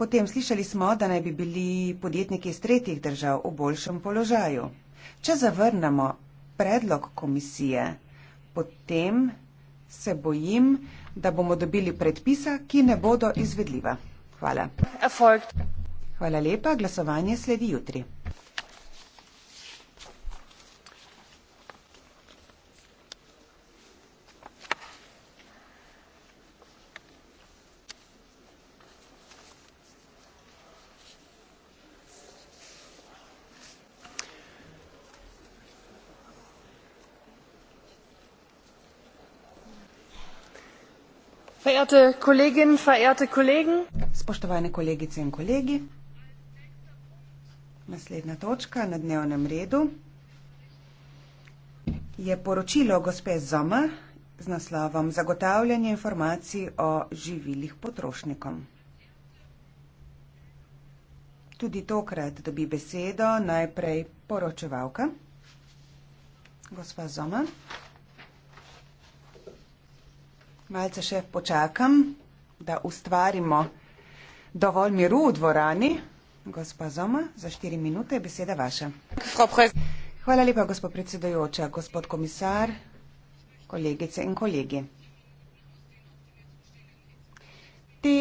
Potem slišali smo, da naj bi bili podjetniki iz tretjih držav v boljšem položaju. Če zavrnemo predlog komisije, potem se bojim, da bomo dobili predpisa, ki ne bodo izvedljiva. Hvala. Hvala lepa, glasovanje sledi jutri. verehrte Kolleginnen, verehrte Kollegen. Spoštovane kolegice in kolegi. Naslednja točka na dnevnem redu je poročilo gospe Zoma z naslovom Zagotavljanje informacij o živilih potrošnikom. Tudi tokrat dobi besedo najprej poročevalka, gospa Zoma. Malce še počakam, da ustvarimo dovolj miru v dvorani. Gospa Zoma, za štiri minute je beseda vaša. Hvala lepa, gospod predsedojoča, gospod komisar, kolegice in kolegi. Te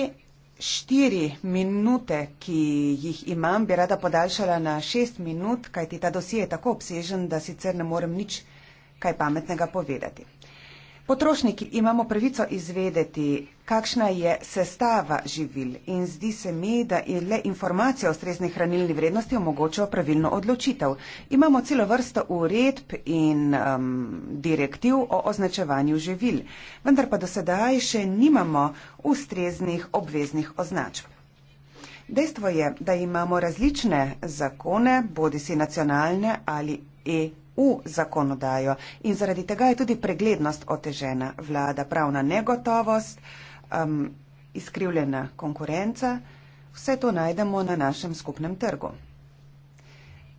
štiri minute, ki jih imam, bi rada podaljšala na šest minut, kajti ta dosije je tako obsežen, da sicer ne morem nič kaj pametnega povedati. Potrošniki imamo pravico izvedeti, kakšna je sestava živil in zdi se mi, da je le informacija o strezni hranilni vrednosti omogočila pravilno odločitev. Imamo celo vrsto uredb in um, direktiv o označevanju živil, vendar pa do sedaj še nimamo ustreznih obveznih označb. Dejstvo je, da imamo različne zakone, bodi si nacionalne ali v zakonodajo in zaradi tega je tudi preglednost otežena. Vlada pravna negotovost, um, izkrivljena konkurenca, vse to najdemo na našem skupnem trgu.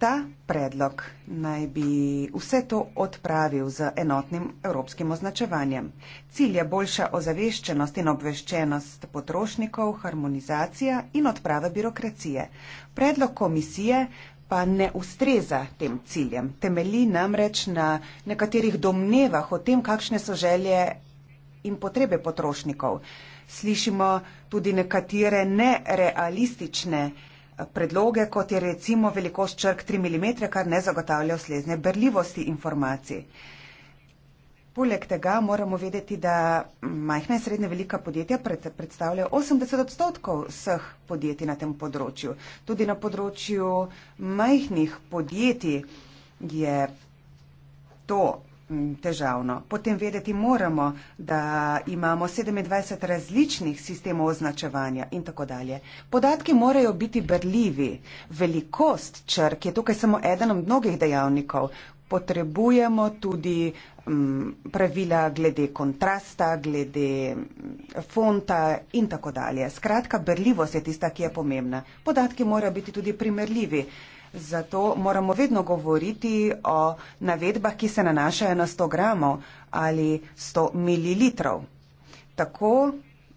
Ta predlog naj bi vse to odpravil z enotnim evropskim označevanjem. Cilj je boljša ozaveščenost in obveščenost potrošnikov, harmonizacija in odprava birokracije. Predlog komisije pa ne ustreza tem ciljem. Temelji namreč na nekaterih domnevah o tem, kakšne so želje in potrebe potrošnikov. Slišimo tudi nekatere nerealistične eh, predloge, kot je recimo velikost črk 3 mm, kar ne zagotavlja slezne berljivosti informacij. Poleg tega moramo vedeti, da majhna in srednja velika podjetja predstavljajo 80 odstotkov vseh podjetij na tem področju. Tudi na področju majhnih podjetij je to težavno. Potem vedeti moramo, da imamo 27 različnih sistemov označevanja in tako dalje. Podatki morajo biti berljivi. Velikost črk je tukaj samo eden od mnogih dejavnikov. Potrebujemo tudi uh, pravila glede kontrasta, glede fonta in tako dalje. Skratka, berljivost je tista, ki je pomembna. Podatki morajo biti tudi primerljivi. Zato moramo vedno govoriti o navedbah, ki se nanašajo na 100 gramov ali 100 mililitrov. Tako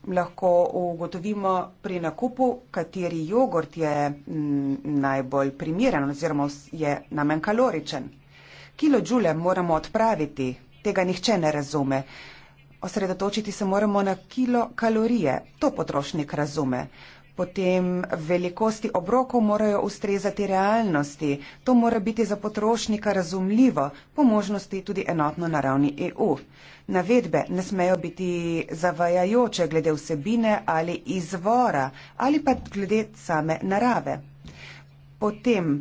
lahko ugotovimo pri nakupu, kateri jogurt je najbolj primeren oziroma je namen kaloričen. Kilo džule moramo odpraviti, tega nihče ne razume. Osredotočiti se moramo na kilo kalorije, to potrošnik razume. Potem velikosti obrokov morajo ustrezati realnosti, to mora biti za potrošnika razumljivo, po možnosti tudi enotno na ravni EU. Navedbe ne smejo biti zavajajoče glede vsebine ali izvora ali pa glede same narave. Potem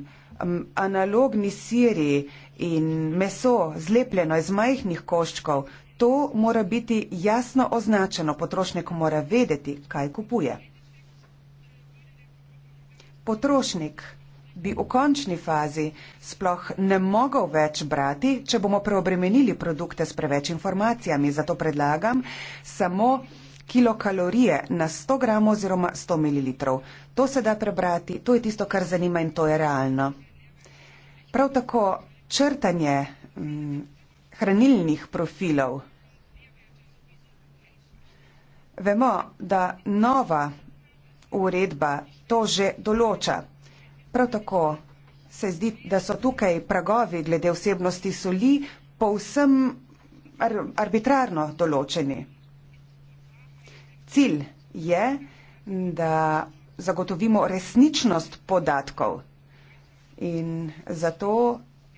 um, analogni siriji in meso, zlepljeno iz majhnih koščkov, to mora biti jasno označeno, potrošnik mora vedeti, kaj kupuje. Potrošnik bi v končni fazi sploh ne mogel več brati, če bomo preobremenili produkte s preveč informacijami. Zato predlagam samo kilokalorije na 100 gramov oziroma 100 ml. To se da prebrati, to je tisto, kar zanima in to je realno. Prav tako črtanje mm, hranilnih profilov. Vemo, da nova uredba to že določa. Prav tako se zdi, da so tukaj pragovi glede vsebnosti soli povsem arbitrarno določeni. Cilj je, da zagotovimo resničnost podatkov in zato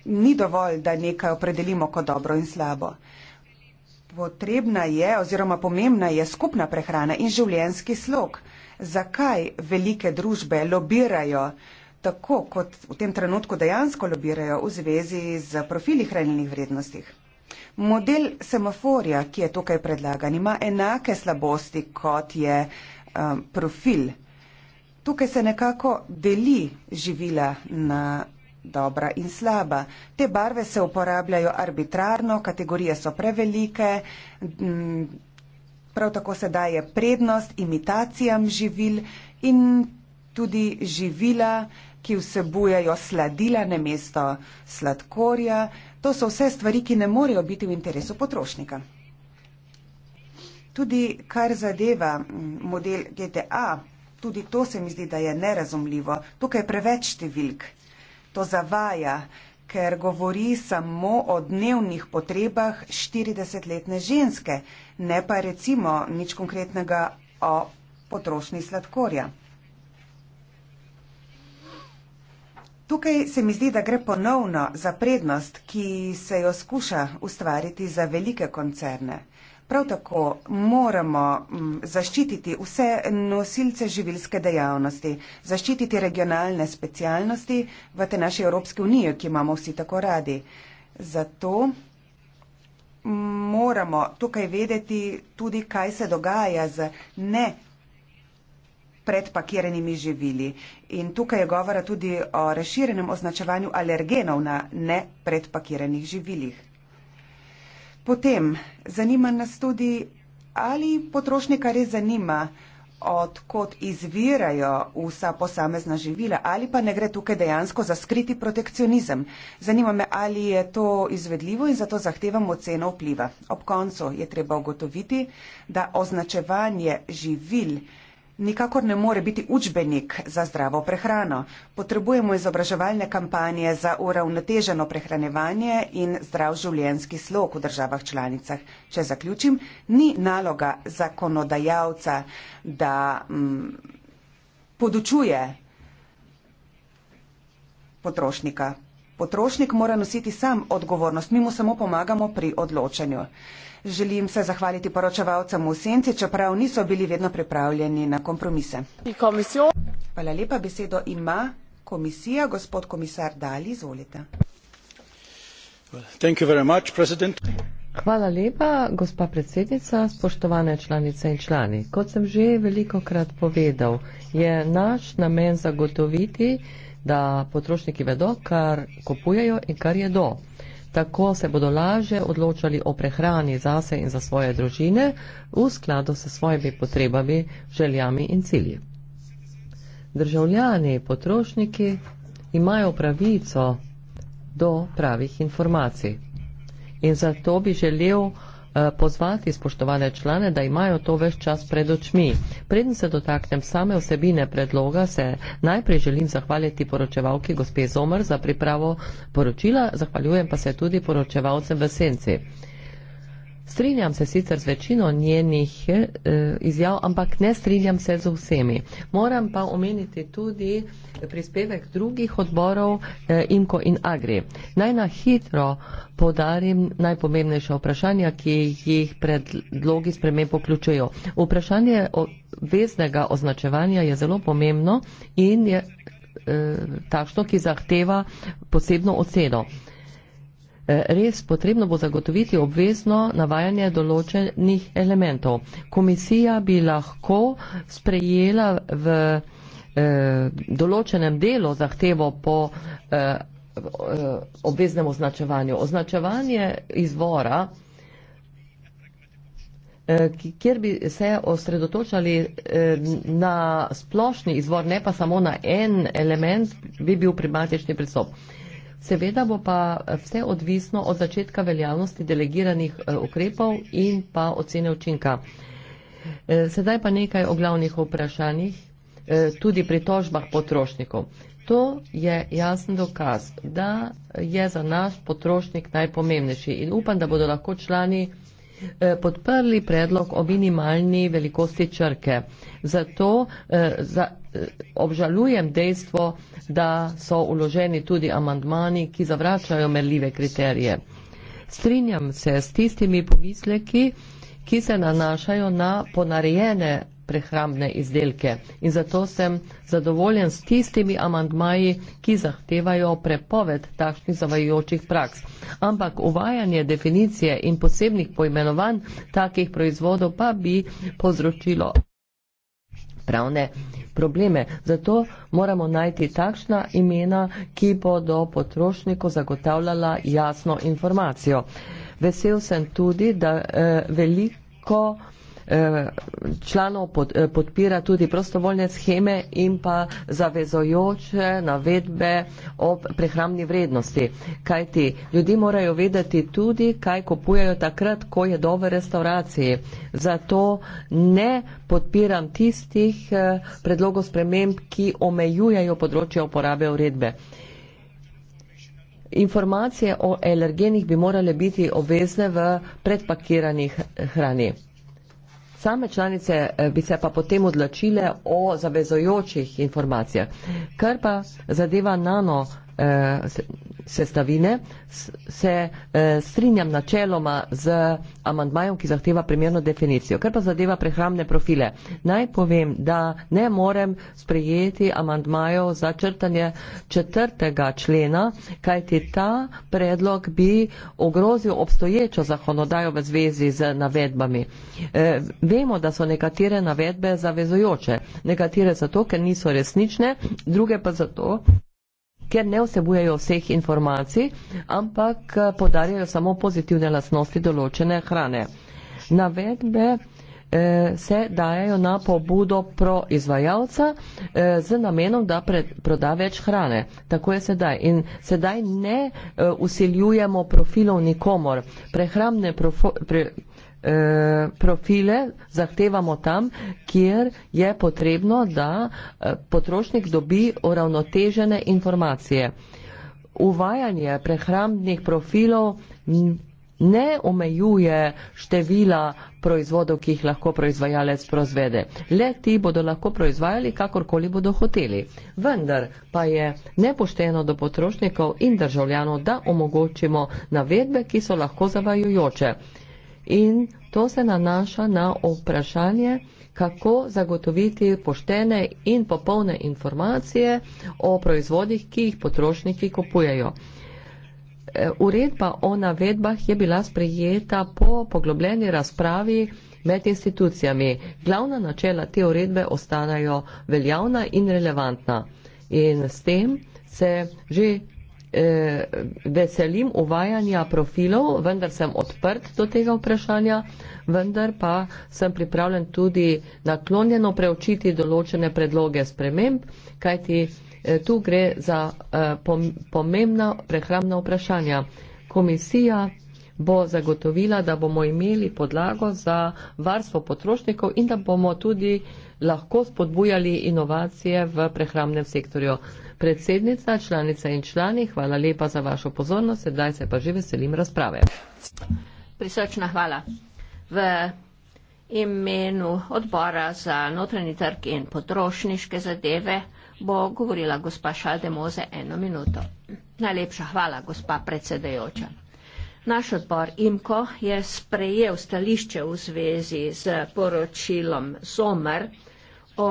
ni dovolj, da nekaj opredelimo kot dobro in slabo. Potrebna je oziroma pomembna je skupna prehrana in življenski slog. Zakaj velike družbe lobirajo tako, kot v tem trenutku dejansko lobirajo v zvezi z profili hranilnih vrednosti? Model semaforja, ki je tukaj predlagan, ima enake slabosti, kot je um, profil. Tukaj se nekako deli živila na dobra in slaba. Te barve se uporabljajo arbitrarno, kategorije so prevelike, prav tako se daje prednost imitacijam živil in tudi živila, ki vsebujejo sladila na mesto sladkorja. To so vse stvari, ki ne morejo biti v interesu potrošnika. Tudi kar zadeva model GTA, tudi to se mi zdi, da je nerazumljivo. Tukaj je preveč številk. To zavaja, ker govori samo o dnevnih potrebah 40-letne ženske, ne pa recimo nič konkretnega o potrošnji sladkorja. Tukaj se mi zdi, da gre ponovno za prednost, ki se jo skuša ustvariti za velike koncerne. Prav tako moramo mm, zaščititi vse nosilce živilske dejavnosti, zaščititi regionalne specialnosti v te naše Evropske unije, ki imamo vsi tako radi. Zato moramo tukaj vedeti tudi, kaj se dogaja z ne predpakiranimi živili. In tukaj je govora tudi o razširjenem označevanju alergenov na ne predpakiranih živilih. Potem zanima nas tudi, ali potrošnika res zanima, odkot izvirajo vsa posamezna živila, ali pa ne gre tukaj dejansko za skriti protekcionizem. Zanima me, ali je to izvedljivo in zato zahtevamo ceno vpliva. Ob koncu je treba ugotoviti, da označevanje živil Nikakor ne more biti učbenik za zdravo prehrano. Potrebujemo izobraževalne kampanje za uravnoteženo prehranevanje in zdrav življenski slog v državah članicah. Če zaključim, ni naloga zakonodajalca, da m, mm, podučuje potrošnika. Potrošnik mora nositi sam odgovornost, mi mu samo pomagamo pri odločanju. Želim se zahvaliti poročevalcem v senci, čeprav niso bili vedno pripravljeni na kompromise. Hvala lepa, besedo ima komisija. Gospod komisar Dali, izvolite. Much, Hvala lepa, gospa predsednica, spoštovane članice in člani. Kot sem že veliko krat povedal, je naš namen zagotoviti, da potrošniki vedo, kar kupujejo in kar jedo. Tako se bodo laže odločali o prehrani zase in za svoje družine v skladu s svojimi potrebami, željami in cilji. Državljani, potrošniki imajo pravico do pravih informacij. In zato bi želel, Eh, pozvati spoštovane člane, da imajo to več čas pred očmi. Preden se dotaknem same osebine predloga, se najprej želim zahvaliti poročevalki gospe Zomr za pripravo poročila, zahvaljujem pa se tudi poročevalcem v senci. Strinjam se sicer z večino njenih eh, izjav, ampak ne strinjam se z vsemi. Moram pa omeniti tudi prispevek drugih odborov eh, IMKO in AGRI. Naj na hitro podarim najpomembnejše vprašanja, ki jih predlogi spreme poključujo. Vprašanje obveznega označevanja je zelo pomembno in je eh, takšno, ki zahteva posebno ocedo res potrebno bo zagotoviti obvezno navajanje določenih elementov. Komisija bi lahko sprejela v eh, določenem delu zahtevo po eh, obveznem označevanju. Označevanje izvora, eh, kjer bi se osredotočali na splošni izvor, ne pa samo na en element, bi bil primatični pristop. Seveda bo pa eh, vse odvisno od začetka veljavnosti delegiranih eh, ukrepov in pa ocene učinka. Eh, sedaj pa nekaj o glavnih vprašanjih, tudi pri tožbah potrošnikov. To je jasen dokaz, da je za nas potrošnik najpomembnejši in upam, da bodo lahko člani Eh, podprli predlog o minimalni velikosti črke. Zato eh, za, eh, obžalujem dejstvo, da so uloženi tudi amandmani, ki zavračajo merljive kriterije. Strinjam se s tistimi pomisleki, ki se nanašajo na ponarejene prehrambne izdelke. In zato sem zadovoljen s tistimi amantmaji, ki zahtevajo prepoved takšnih zavajajočih praks. Ampak uvajanje definicije in posebnih poimenovanj takih proizvodov pa bi povzročilo pravne probleme. Zato moramo najti takšna imena, ki bodo potrošniku zagotavljala jasno informacijo. Vesel sem tudi, da eh, veliko Eh, članov pod, eh, podpira tudi prostovoljne scheme in pa zavezojoče navedbe o prehrambni vrednosti. Kajti ljudi morajo vedeti tudi, kaj kupujejo takrat, ko je do v restauraciji. Zato ne podpiram tistih eh, predlogov sprememb, ki omejujajo področje uporabe uredbe. Informacije o alergenih bi morale biti obvezne v predpakiranih hrani. Same članice eh, bi se pa potem odločile o zavezojočih informacijah. Kar pa zadeva nano, eh, sestavine, se eh, strinjam načeloma z amandmajem, ki zahteva primerno definicijo. Kar pa zadeva prehramne profile, naj povem, da ne morem sprejeti amandmajev za črtanje četrtega člena, kajti ta predlog bi ogrozil obstoječo zakonodajo v zvezi z navedbami. Eh, vemo, da so nekatere navedbe zavezujoče, nekatere zato, ker niso resnične, druge pa zato, ker ne vsebujejo vseh informacij, ampak eh, podarjajo samo pozitivne lasnosti določene hrane. Navedbe eh, se dajajo na pobudo proizvajalca eh, z namenom, da proda več hrane. Tako je sedaj. In sedaj ne usiljujemo profilov nikomor. Prehrambne profile Eh, profile zahtevamo tam, kjer je potrebno, da eh, potrošnik dobi uravnotežene informacije. Uvajanje prehrambnih profilov ne omejuje števila proizvodov, ki jih lahko proizvajalec proizvede. Le ti bodo lahko proizvajali, kakorkoli bodo hoteli. Vendar pa je nepošteno do potrošnikov in državljanov, da omogočimo navedbe, ki so lahko zavajujoče in to se nanaša na vprašanje, kako zagotoviti poštene in popolne informacije o proizvodih, ki jih potrošniki kupujejo. E, uredba o navedbah je bila sprejeta po poglobljeni razpravi med institucijami. Glavna načela te uredbe ostanajo veljavna in relevantna. In s tem se že Eh, veselim uvajanja profilov, vendar sem odprt do tega vprašanja, vendar pa sem pripravljen tudi naklonjeno preučiti določene predloge sprememb, kajti eh, tu gre za eh, pomembna prehrambna vprašanja. Komisija bo zagotovila, da bomo imeli podlago za varstvo potrošnikov in da bomo tudi lahko spodbujali inovacije v prehrambnem sektorju predsednica, članica in člani, hvala lepa za vašo pozornost, sedaj se pa že veselim razprave. Prisrčna hvala. V imenu odbora za notranji trg in potrošniške zadeve bo govorila gospa Šaldemoze eno minuto. Najlepša hvala, gospa predsedajoča. Naš odbor IMKO je sprejel stališče v zvezi z poročilom SOMR o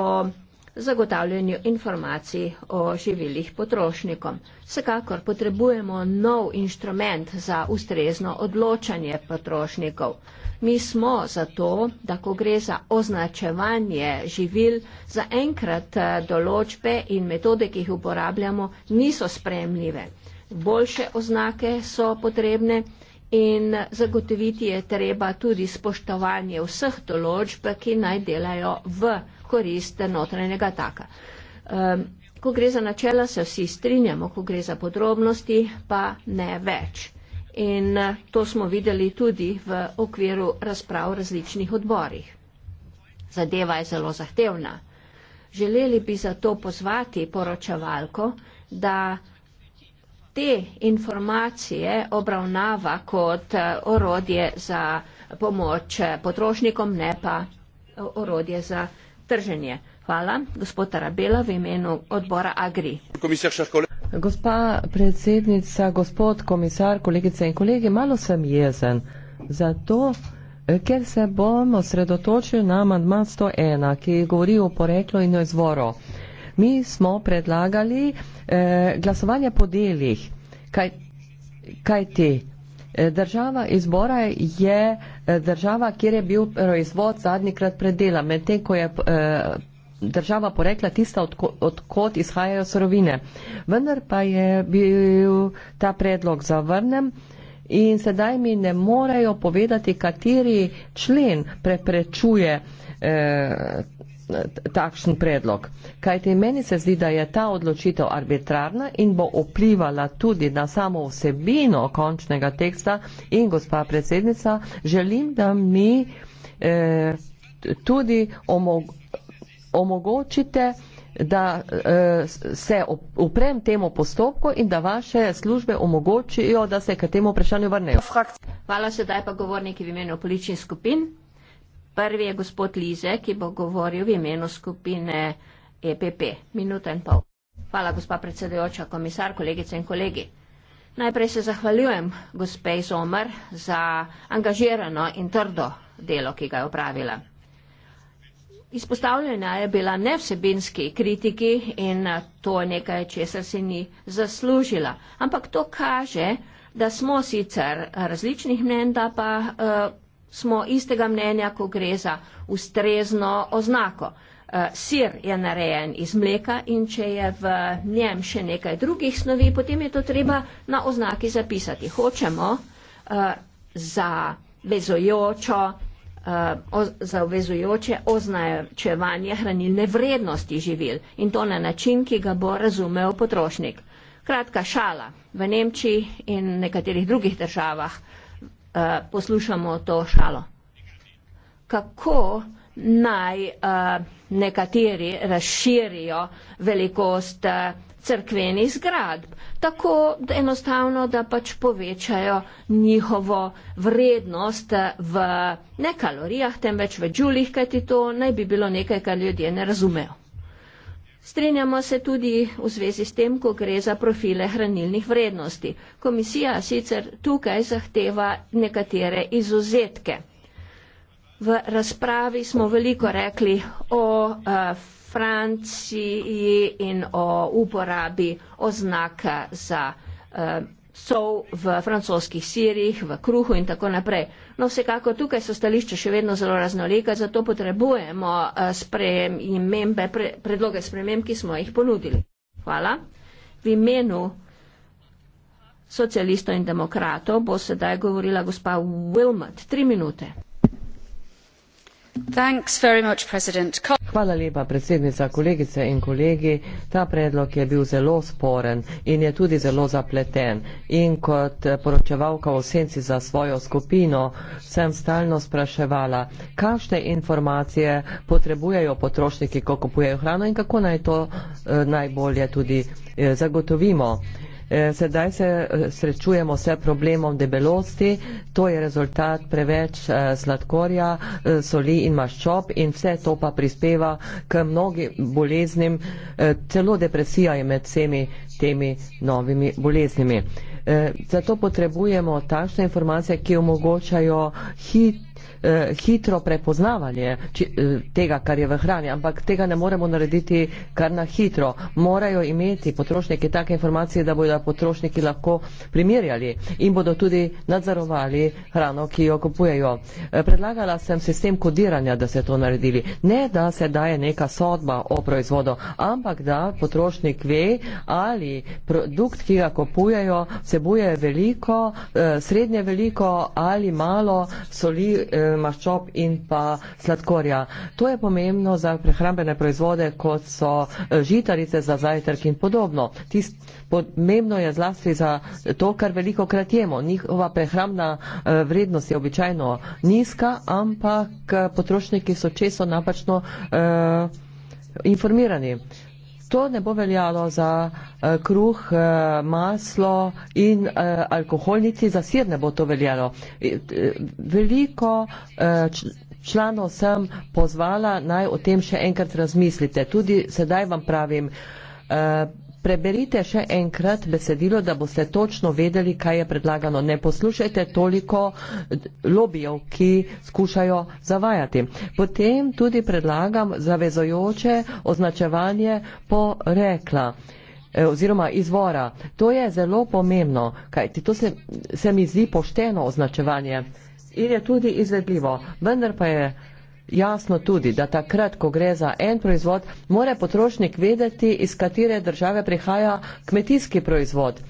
zagotavljanju informacij o živilih potrošnikom. Vsekakor potrebujemo nov inštrument za ustrezno odločanje potrošnikov. Mi smo zato, da ko gre za označevanje živil, za enkrat eh, določbe in metode, ki jih uporabljamo, niso spremljive. Boljše oznake so potrebne in zagotoviti je treba tudi spoštovanje vseh določb, ki naj delajo v korist notranjega taka. Um, ko gre za načela, se vsi strinjamo, ko gre za podrobnosti, pa ne več. In eh, to smo videli tudi v okviru razprav različnih odborih. Zadeva je zelo zahtevna. Želeli bi zato pozvati poročevalko, da te informacije obravnava kot eh, orodje za pomoč eh, potrošnikom, ne pa orodje za trženje. Hvala, gospod Arabela, v imenu odbora Agri. Gospa predsednica, gospod komisar, kolegice in kolegi, malo sem jezen zato, eh, ker se bom osredotočil na mandma 101, ki govori o poreklu in o izvoru. Mi smo predlagali eh, glasovanje po delih, kaj, kaj ti Država izbora je eh, država, kjer je bil proizvod zadnjikrat predela, medtem ko je eh, država porekla tista, odkot izhajajo sorovine. Vendar pa je bil ta predlog zavrnem in sedaj mi ne morejo povedati, kateri člen preprečuje eh, takšen predlog. Kajti meni se zdi, da je ta odločitev arbitrarna in bo vplivala tudi na samo vsebino končnega teksta in gospa predsednica, želim, da mi eh, tudi omog omogočite da eh, se uprem temu postopku in da vaše službe omogočijo, da se k temu vprašanju vrnejo. Hvala, sedaj pa govorniki v imenu političnih skupin. Prvi je gospod Lize, ki bo govoril v imenu skupine EPP. Minuta in pol. Hvala, gospa predsedujoča, komisar, kolegice in kolegi. Najprej se zahvaljujem gospe Zomer za angažirano in trdo delo, ki ga je opravila. Izpostavljena je bila nevsebinski kritiki in to nekaj, česar si ni zaslužila. Ampak to kaže, da smo sicer različnih mnen, da pa uh, smo istega mnenja, ko gre za ustrezno oznako. Eh, sir je narejen iz mleka in če je v njem še nekaj drugih snovi, potem je to treba na oznaki zapisati. Hočemo eh, za vezojočo eh, za obvezujoče označevanje hranilne vrednosti živil in to na način, ki ga bo razumel potrošnik. Kratka šala. V Nemčiji in nekaterih drugih državah uh, Eh, poslušamo to šalo. Kako naj uh, nekateri razširijo velikost uh, eh, crkvenih zgradb, tako enostavno, da pač povečajo njihovo vrednost v ne kalorijah, temveč v džulih, kajti to naj bi bilo nekaj, kar ljudje ne razumejo. Strinjamo se tudi v zvezi s tem, ko gre za profile hranilnih vrednosti. Komisija sicer tukaj zahteva nekatere izuzetke. V razpravi smo veliko rekli o eh, Franciji in o uporabi oznaka za eh, sol v francoskih sirih, v kruhu in tako naprej. No, vsekako tukaj so stališča še vedno zelo raznolika, zato potrebujemo eh, spremembe, predloge sprememb, ki smo jih ponudili. Hvala. V imenu socialistov in demokratov bo sedaj govorila gospa Wilmot. Tri minute. Hvala lepa, predsednica, kolegice in kolegi. Ta predlog je bil zelo sporen in je tudi zelo zapleten. In kot poročevalka v senci za svojo skupino sem stalno spraševala, kakšne informacije potrebujejo potrošniki, ko kupujejo hrano in kako naj to eh, najbolje tudi eh, zagotovimo. Eh, sedaj se eh, srečujemo s problemom debelosti, to je rezultat preveč eh, sladkorja, soli in maščob in vse to pa prispeva k mnogim boleznim, celo depresija je med vsemi temi novimi boleznimi. Zato potrebujemo takšne informacije, ki omogočajo hit Eh, hitro prepoznavanje či, eh, tega, kar je v hrani, ampak tega ne moremo narediti kar na hitro. Morajo imeti potrošniki take informacije, da bodo potrošniki lahko primerjali in bodo tudi nadzorovali hrano, ki jo kupujejo. Eh, predlagala sem sistem kodiranja, da se to naredili. Ne, da se daje neka sodba o proizvodu, ampak da potrošnik ve, ali produkt, ki ga kupujejo, vsebuje veliko, srednje veliko ali malo soli. Eh, pravi maščob in pa sladkorja. To je pomembno za prehrambene proizvode, kot so eh, žitarice za zajtrk in podobno. Tist, pomembno je zlasti za to, kar veliko krat jemo. Njihova prehrambna eh, vrednost je običajno nizka, ampak eh, potrošniki so često napačno eh, informirani. Eh, To ne bo veljalo za uh, kruh, uh, maslo in uh, alkoholnici, za sir ne bo to veljalo. E, veliko uh, članov sem pozvala, naj o tem še enkrat razmislite. Tudi sedaj vam pravim, uh, Preberite še enkrat besedilo, da boste točno vedeli, kaj je predlagano. Ne poslušajte toliko eh, lobijev, ki skušajo zavajati. Potem tudi predlagam zavezojoče označevanje porekla eh, oziroma izvora. To je zelo pomembno, kajti to se, se mi zdi pošteno označevanje in je tudi izvedljivo. Vendar pa je jasno tudi, da takrat, ko gre za en proizvod, mora potrošnik vedeti, iz katere države prihaja kmetijski proizvod.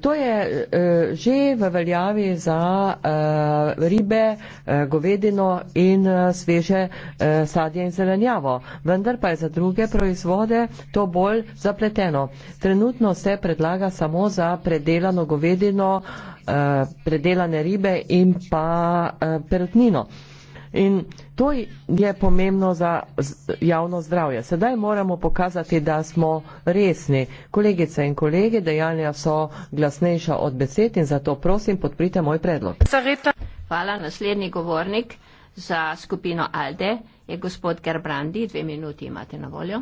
To je uh, že v veljavi za uh, ribe, uh, govedino in uh, sveže uh, sadje in zelenjavo, vendar pa je za druge proizvode to bolj zapleteno. Trenutno se predlaga samo za predelano govedino, uh, predelane ribe in pa uh, perutnino. In, uh, to je pomembno za javno zdravje. Sedaj moramo pokazati, da smo resni. Kolegice in kolege, dejanja so glasnejša od besed in zato prosim, podprite moj predlog. Hvala, naslednji govornik za skupino Alde je gospod Gerbrandi. Dve minuti imate na voljo.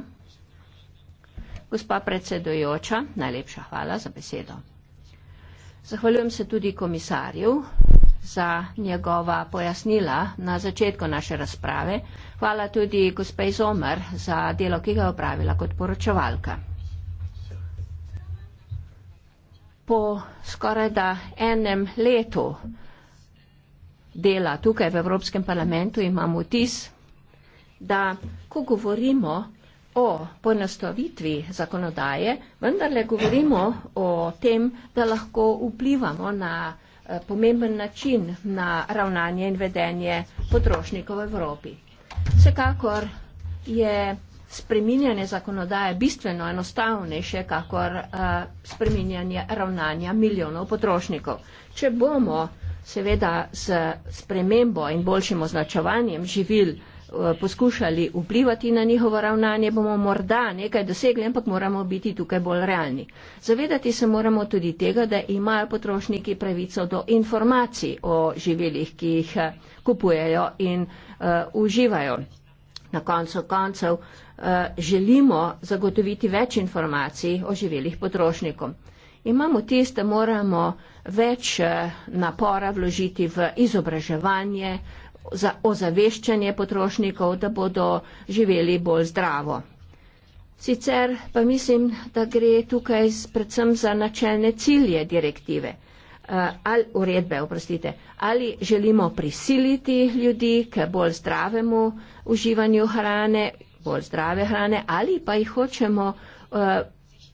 Gospa predsedujoča, najlepša hvala za besedo. Zahvaljujem se tudi komisarju za njegova pojasnila na začetku naše razprave. Hvala tudi gospe Zomer za delo, ki ga je opravila kot poročevalka. Po skoraj da enem letu dela tukaj v Evropskem parlamentu imam vtis, da ko govorimo o poenostavitvi zakonodaje, vendarle govorimo o tem, da lahko vplivamo na Eh, pomemben način na ravnanje in vedenje potrošnikov v Evropi. Vsekakor je spreminjanje zakonodaje bistveno enostavnejše, kakor uh, spreminjanje ravnanja milijonov potrošnikov. Če bomo seveda s spremembo in boljšim označevanjem živil uh, Eh, poskušali vplivati na njihovo ravnanje, bomo morda nekaj dosegli, ampak moramo biti tukaj bolj realni. Zavedati se moramo tudi tega, da imajo potrošniki pravico do informacij o živelih, ki jih eh, kupujejo in uh, uživajo. Na koncu koncev uh, želimo zagotoviti več informacij o živelih potrošnikom. Imamo tist, da moramo več napora vložiti v izobraževanje, za ozaveščanje potrošnikov, da bodo živeli bolj zdravo. Sicer pa mislim, da gre tukaj predvsem za načelne cilje direktive eh, ali uredbe, oprostite, ali želimo prisiliti ljudi k bolj zdravemu uživanju hrane, bolj zdrave hrane, ali pa jih hočemo eh,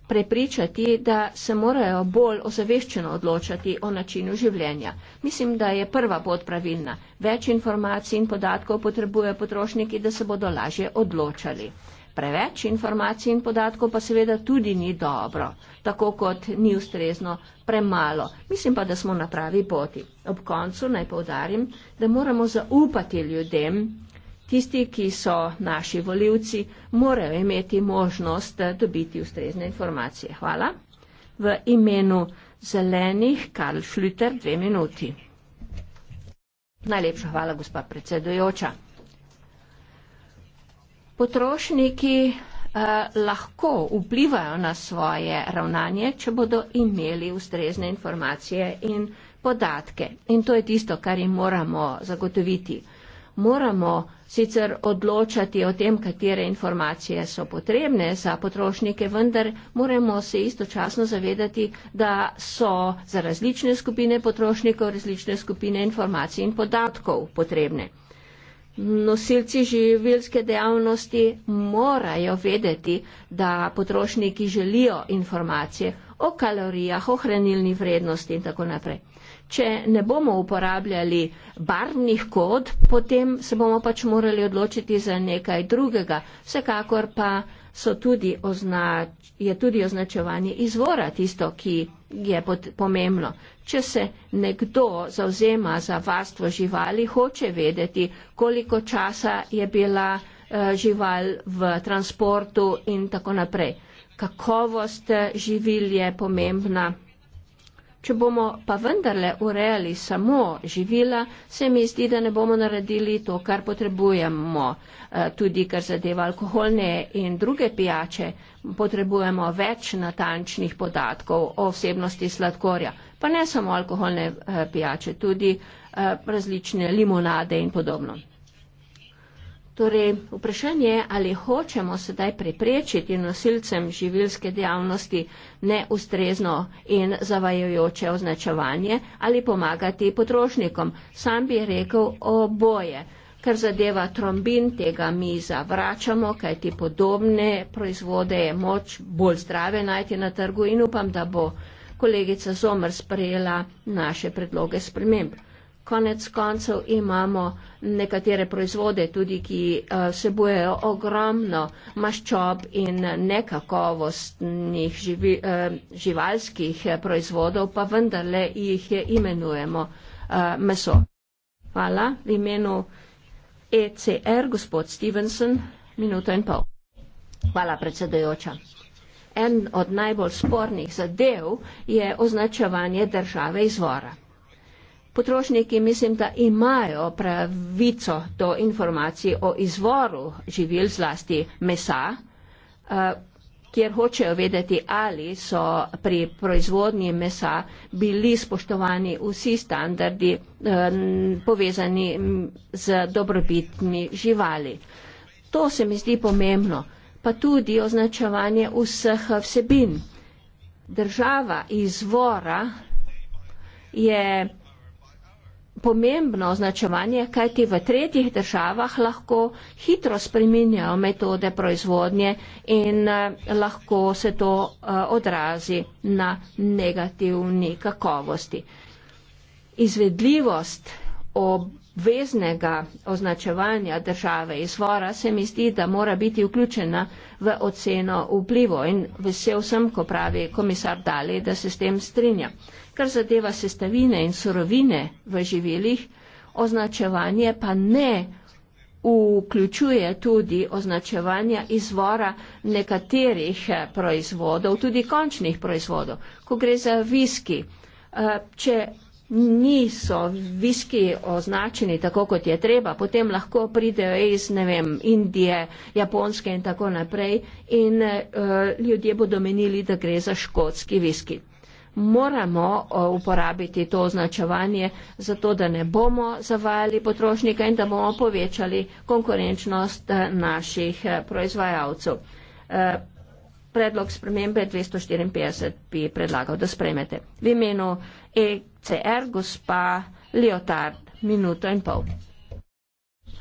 prepričati, da se morajo bolj ozaveščeno odločati o načinu življenja. Mislim, da je prva pot pravilna. Več informacij in podatkov potrebujejo potrošniki, da se bodo lažje odločali. Preveč informacij in podatkov pa seveda tudi ni dobro, tako kot ni ustrezno premalo. Mislim pa, da smo na pravi poti. Ob koncu naj povdarim, da moramo zaupati ljudem, tisti, ki so naši voljivci, morajo imeti možnost eh, dobiti ustrezne informacije. Hvala. V imenu zelenih Karl Šluter, dve minuti. Najlepša hvala, gospa predsedujoča. Potrošniki eh, lahko vplivajo na svoje ravnanje, če bodo imeli ustrezne informacije in podatke. In to je tisto, kar jim moramo zagotoviti moramo sicer odločati o tem, katere informacije so potrebne za potrošnike, vendar moramo se istočasno zavedati, da so za različne skupine potrošnikov različne skupine informacij in podatkov potrebne. Nosilci živilske dejavnosti morajo vedeti, da potrošniki želijo informacije o kalorijah, o hranilni vrednosti in tako naprej če ne bomo uporabljali barvnih kod, potem se bomo pač morali odločiti za nekaj drugega. Vsekakor pa tudi označ, je tudi označevanje izvora tisto, ki je pomembno. Če se nekdo zauzema za varstvo živali, hoče vedeti, koliko časa je bila eh, žival v transportu in tako naprej. Kakovost eh, živil je pomembna. Če bomo pa vendarle urejali samo živila, se mi zdi, da ne bomo naredili to, kar potrebujemo. Eh, tudi kar zadeva alkoholne in druge pijače, potrebujemo več natančnih podatkov o vsebnosti sladkorja. Pa ne samo alkoholne eh, pijače, tudi eh, različne limonade in podobno. Torej, vprašanje je, ali hočemo sedaj preprečiti nosilcem živilske dejavnosti neustrezno in zavajojoče označevanje ali pomagati potrošnikom. Sam bi rekel oboje. Kar zadeva trombin, tega mi zavračamo, kajti podobne proizvode je moč bolj zdrave najti na trgu in upam, da bo kolegica Zomr sprejela naše predloge sprememb. Konec koncev imamo nekatere proizvode tudi, ki eh, vsebujejo ogromno maščob in nekakovostnih živi, eh, živalskih eh, proizvodov, pa vendarle jih imenujemo meso. Hvala. V imenu ECR, gospod Stevenson, minuto in pol. Hvala, predsedujoča. En od najbolj spornih zadev je označevanje države izvora. Potrošniki mislim, da imajo pravico do informacij o izvoru živil zlasti mesa, eh, kjer hočejo vedeti, ali so pri proizvodnji mesa bili spoštovani vsi standardi eh, povezani z dobrobitmi živali. To se mi zdi pomembno, pa tudi označevanje vseh vsebin. Država izvora je pomembno označevanje, kajti v tretjih državah lahko hitro spreminjajo metode proizvodnje in eh, lahko se to eh, odrazi na negativni kakovosti. Izvedljivost ob obveznega označevanja države izvora se mi zdi, da mora biti vključena v oceno vplivo in vesel sem, ko pravi komisar Dali, da se s tem strinja. Kar zadeva sestavine in surovine v živilih, označevanje pa ne vključuje tudi označevanja izvora nekaterih eh, proizvodov, tudi končnih proizvodov. Ko gre za viski, eh, če niso viski označeni tako, kot je treba, potem lahko pridejo iz, ne vem, Indije, Japonske in tako naprej in uh, ljudje bodo menili, da gre za škotski viski. Moramo eh, uporabiti to označevanje, zato da ne bomo zavajali potrošnika in da bomo povečali konkurenčnost eh, naših proizvajalcev predlog spremembe 254 bi predlagal, da spremete. V imenu ECR gospa Leotard, minuto in pol.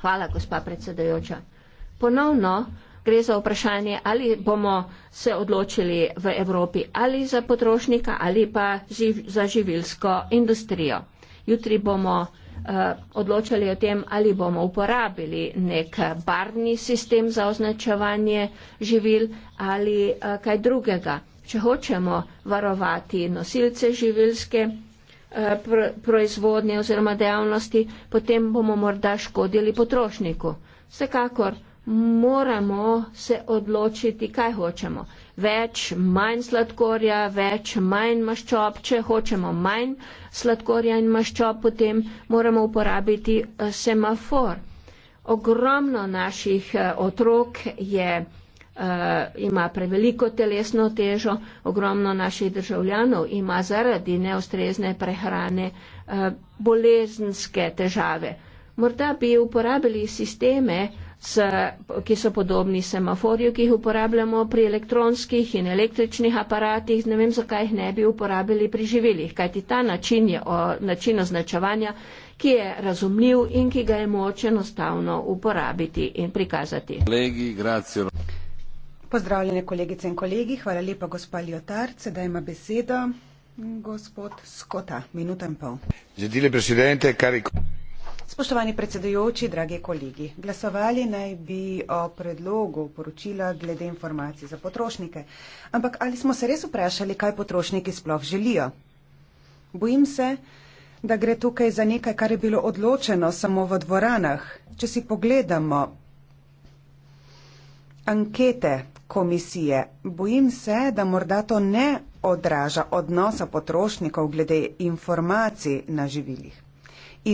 Hvala, gospa predsedajoča. Ponovno gre za vprašanje, ali bomo se odločili v Evropi ali za potrošnika ali pa živ, za živilsko industrijo. Jutri bomo Eh, odločali o tem, ali bomo uporabili nek barni sistem za označevanje živil ali eh, kaj drugega. Če hočemo varovati nosilce živilske eh, proizvodnje oziroma dejavnosti, potem bomo morda škodili potrošniku. Vsekakor moramo se odločiti, kaj hočemo več, manj sladkorja, več, manj maščob. Če hočemo manj sladkorja in maščob, potem moramo uporabiti eh, semafor. Ogromno naših eh, otrok je, eh, ima preveliko telesno težo, ogromno naših državljanov ima zaradi neustrezne prehrane bolezenske težave. Morda bi uporabili sisteme, s, ki so podobni semaforju, ki jih uporabljamo pri elektronskih in električnih aparatih, ne vem, zakaj jih ne bi uporabili pri živilih, kajti ta način je o, način označevanja, ki je razumljiv in ki ga je moč enostavno uporabiti in prikazati. Kolegi, Pozdravljene kolegice in kolegi, hvala lepa gospa Ljotarce, da ima besedo gospod Skota, minuta in pol. Gentile, Spoštovani predsedujoči, dragi kolegi, glasovali naj bi o predlogu poročila glede informacij za potrošnike. Ampak ali smo se res vprašali, kaj potrošniki sploh želijo? Bojim se, da gre tukaj za nekaj, kar je bilo odločeno samo v dvoranah. Če si pogledamo ankete komisije, bojim se, da morda to ne odraža odnosa potrošnikov glede informacij na živilih.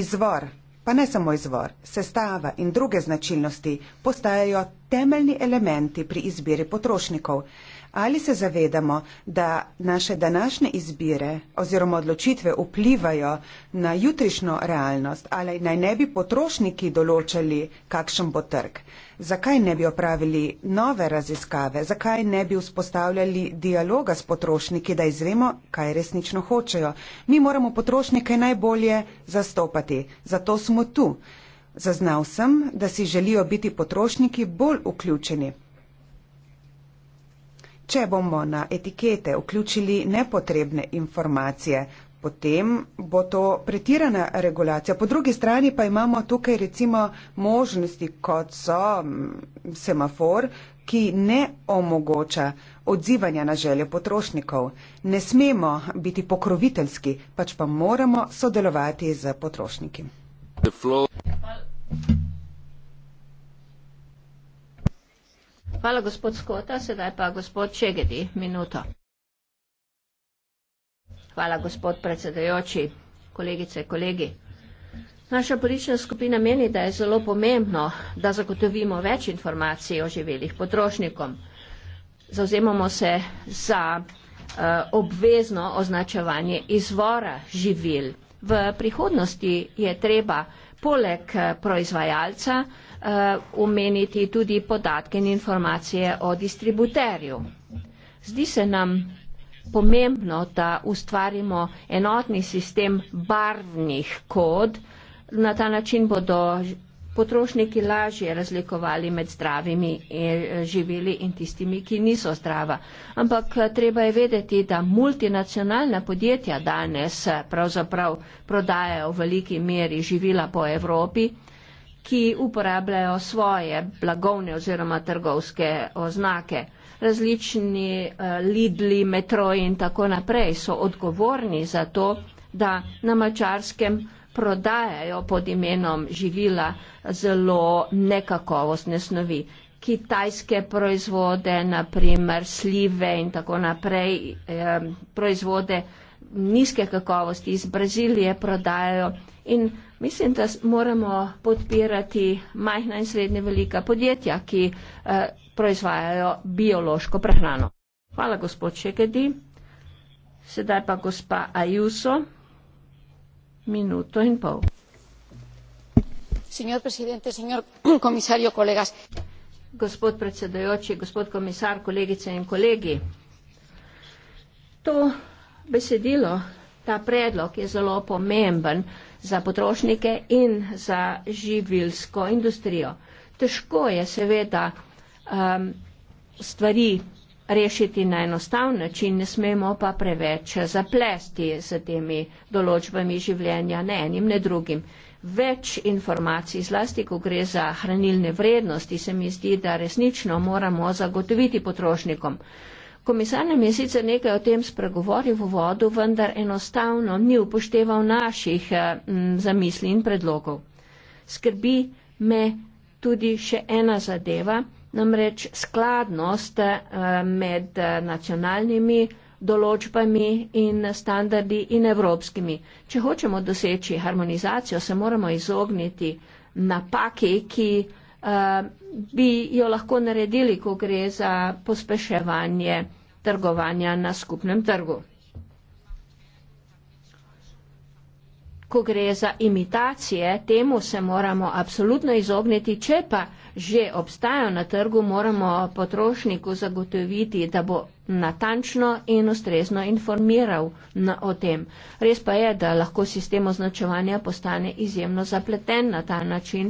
Izvor pa ne samo izvor, sestava in druge značilnosti postajajo temeljni elementi pri izbiri potrošnikov. Ali se zavedamo, da naše današnje izbire oziroma odločitve vplivajo na jutrišnjo realnost ali naj ne bi potrošniki določali, kakšen bo trg? zakaj ne bi opravili nove raziskave, zakaj ne bi vzpostavljali dialoga s potrošniki, da izvemo, kaj resnično hočejo. Mi moramo potrošnike najbolje zastopati, zato smo tu. Zaznal sem, da si želijo biti potrošniki bolj vključeni. Če bomo na etikete vključili nepotrebne informacije, potem bo to pretirana regulacija. Po drugi strani pa imamo tukaj recimo možnosti, kot so semafor, ki ne omogoča odzivanja na željo potrošnikov. Ne smemo biti pokroviteljski, pač pa moramo sodelovati z potrošniki. Hvala, gospod Skota. Sedaj pa gospod Čegedi. Minuto. Hvala, gospod predsedujoči. Kolegice, kolegi. Naša politična skupina meni, da je zelo pomembno, da zagotovimo več informacij o živelih potrošnikom. Zauzemamo se za uh, obvezno označevanje izvora živil. V prihodnosti je treba poleg eh, proizvajalca uh, omeniti tudi podatke in informacije o distributerju. Zdi se nam, pomembno, da ustvarimo enotni sistem barvnih kod. Na ta način bodo potrošniki lažje razlikovali med zdravimi e, živili in tistimi, ki niso zdrava. Ampak e, treba je vedeti, da multinacionalna podjetja danes e, pravzaprav prodajajo v veliki meri živila po Evropi ki uporabljajo svoje blagovne oziroma trgovske oznake različni eh, Lidli, Metroji in tako naprej so odgovorni za to, da na mačarskem prodajajo pod imenom živila zelo nekakovostne snovi. Kitajske proizvode, naprimer slive in tako naprej, eh, proizvode nizke kakovosti iz Brazilije prodajajo in mislim, da moramo podpirati majhna in srednje velika podjetja, ki eh, proizvajajo biološko prehrano. Hvala, gospod Šekedi. Sedaj pa gospa Ajuso. Minuto in pol. Señor presidente, señor comisario, kolegas. Gospod predsedujoči, gospod komisar, kolegice in kolegi. To besedilo, ta predlog je zelo pomemben za potrošnike in za živilsko industrijo. Težko je seveda um, stvari rešiti na enostav način, ne smemo pa preveč zaplesti z temi določbami življenja, ne enim, ne drugim. Več informacij, zlasti ko gre za hranilne vrednosti, se mi zdi, da resnično moramo zagotoviti potrošnikom. Komisar nam je sicer nekaj o tem spregovoril v vodu, vendar enostavno ni upošteval naših eh, zamisli in predlogov. Skrbi me tudi še ena zadeva. Namreč skladnost eh, med eh, nacionalnimi določbami in standardi in evropskimi. Če hočemo doseči harmonizacijo, se moramo izogniti napaki, ki eh, bi jo lahko naredili, ko gre za pospeševanje trgovanja na skupnem trgu. ko gre za imitacije, temu se moramo absolutno izogniti, če pa že obstajajo na trgu, moramo potrošniku zagotoviti, da bo natančno in ustrezno informiral na, o tem. Res pa je, da lahko sistem označevanja postane izjemno zapleten na ta način,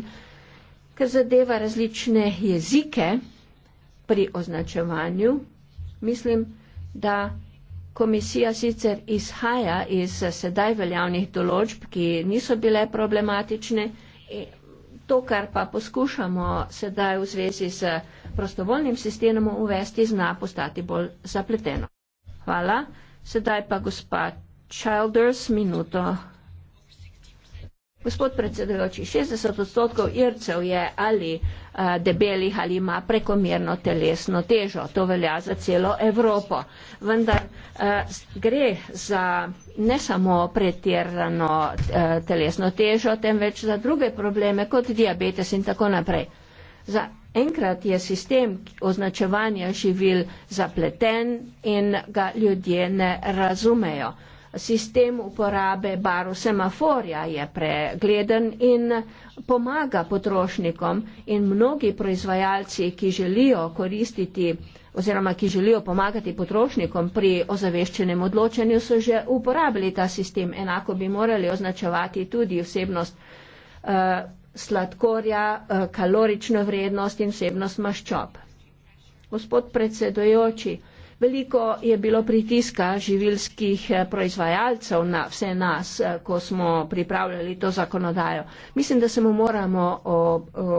ker zadeva različne jezike pri označevanju. Mislim, da komisija sicer izhaja iz sedaj veljavnih določb, ki niso bile problematične. E, to, kar pa poskušamo sedaj v zvezi s prostovoljnim sistemom uvesti, zna postati bolj zapleteno. Hvala. Sedaj pa gospa Childers, minuto. Gospod predsedujoči, 60 odstotkov Ircev je ali uh, Eh, debelih ali ima prekomerno telesno težo. To velja za celo Evropo. Vendar eh, gre za ne samo pretirano eh, telesno težo, temveč za druge probleme kot diabetes in tako naprej. Za enkrat je sistem označevanja živil zapleten in ga ljudje ne razumejo sistem uporabe barv semaforja je pregleden in pomaga potrošnikom in mnogi proizvajalci, ki želijo koristiti oziroma ki želijo pomagati potrošnikom pri ozaveščenem odločanju, so že uporabili ta sistem. Enako bi morali označevati tudi vsebnost eh, sladkorja, eh, kalorično vrednost in vsebnost maščob. Gospod predsedojoči, Veliko je bilo pritiska živilskih eh, proizvajalcev na vse nas, eh, ko smo pripravljali to zakonodajo. Mislim, da se mu moramo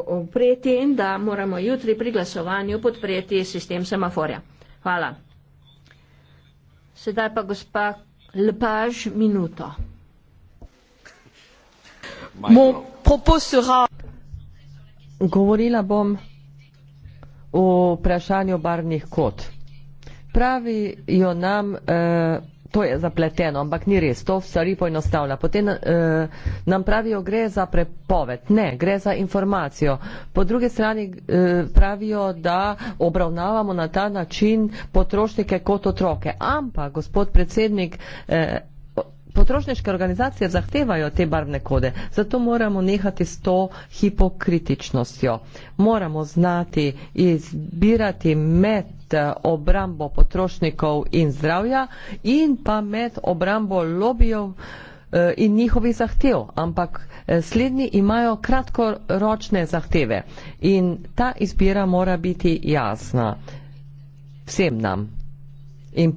opreti in da moramo jutri pri glasovanju podpreti sistem semaforja. Hvala. Sedaj pa gospa Lepaž minuto. Govorila bom o vprašanju barvnih kod pravijo nam, eh, to je zapleteno, ampak ni res, to stvari poenostavlja. Potem eh, nam pravijo, gre za prepoved, ne, gre za informacijo. Po drugi strani eh, pravijo, da obravnavamo na ta način potrošnike kot otroke. Ampak, gospod predsednik, eh, potrošniške organizacije zahtevajo te barvne kode, zato moramo nehati s to hipokritičnostjo. Moramo znati izbirati med eh, obrambo potrošnikov in zdravja in pa med obrambo lobijov eh, in njihovih zahtev, ampak eh, slednji imajo kratkoročne zahteve in ta izbira mora biti jasna vsem nam. In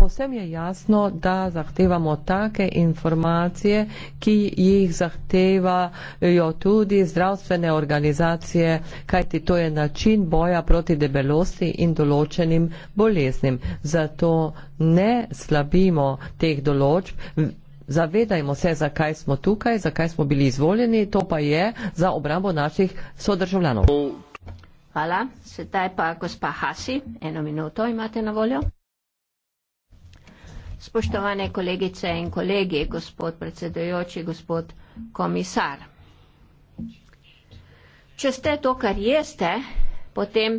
povsem je jasno, da zahtevamo take informacije, ki jih zahtevajo tudi zdravstvene organizacije, kajti to je način boja proti debelosti in določenim boleznim. Zato ne slabimo teh določb. Zavedajmo se, zakaj smo tukaj, zakaj smo bili izvoljeni, to pa je za obrambo naših sodržavljanov. Hvala, sedaj pa gospa Hasi, eno minuto imate na voljo. Spoštovane kolegice in kolegi, gospod predsedujoči, gospod komisar. Če ste to, kar jeste, potem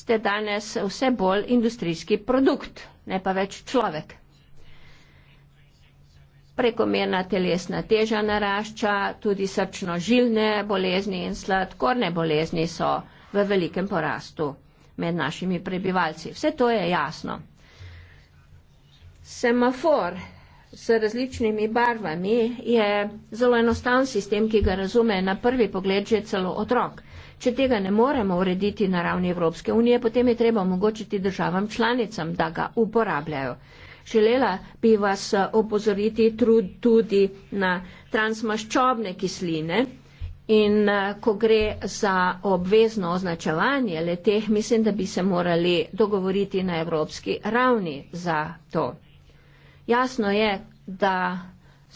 ste danes vse bolj industrijski produkt, ne pa več človek. Prekomerna telesna teža narašča, tudi srčno-žilne bolezni in sladkorne bolezni so v velikem porastu med našimi prebivalci. Vse to je jasno. Semafor s različnimi barvami je zelo enostaven sistem, ki ga razume na prvi pogled že celo otrok. Če tega ne moremo urediti na ravni Evropske unije, potem je treba omogočiti državam članicam, da ga uporabljajo. Želela bi vas opozoriti tudi na transmaščobne kisline in ko gre za obvezno označevanje le teh, mislim, da bi se morali dogovoriti na evropski ravni za to. Jasno je, da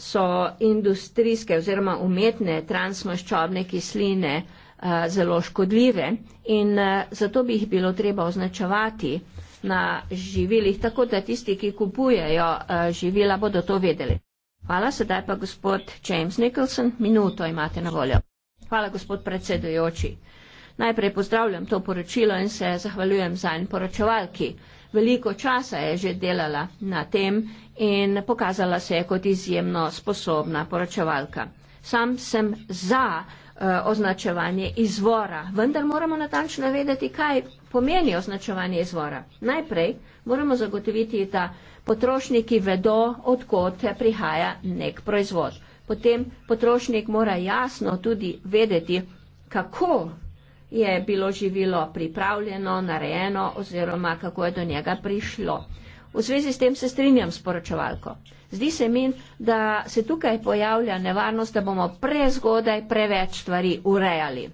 so industrijske oziroma umetne transmaščobne kisline eh, zelo škodljive in eh, zato bi jih bilo treba označevati na živilih, tako da tisti, ki kupujejo eh, živila, bodo to vedeli. Hvala, sedaj pa gospod James Nicholson, minuto imate na voljo. Hvala, gospod predsedujoči. Najprej pozdravljam to poročilo in se zahvaljujem za en poročevalki veliko časa je že delala na tem in pokazala se je kot izjemno sposobna poročevalka. Sam sem za eh, označevanje izvora, vendar moramo natančno vedeti, kaj pomeni označevanje izvora. Najprej moramo zagotoviti, da potrošniki vedo, odkot prihaja nek proizvod. Potem potrošnik mora jasno tudi vedeti, kako je bilo živilo pripravljeno, narejeno oziroma kako je do njega prišlo. V zvezi s tem se strinjam s poročevalko. Zdi se mi, da se tukaj pojavlja nevarnost, da bomo prezgodaj preveč stvari urejali.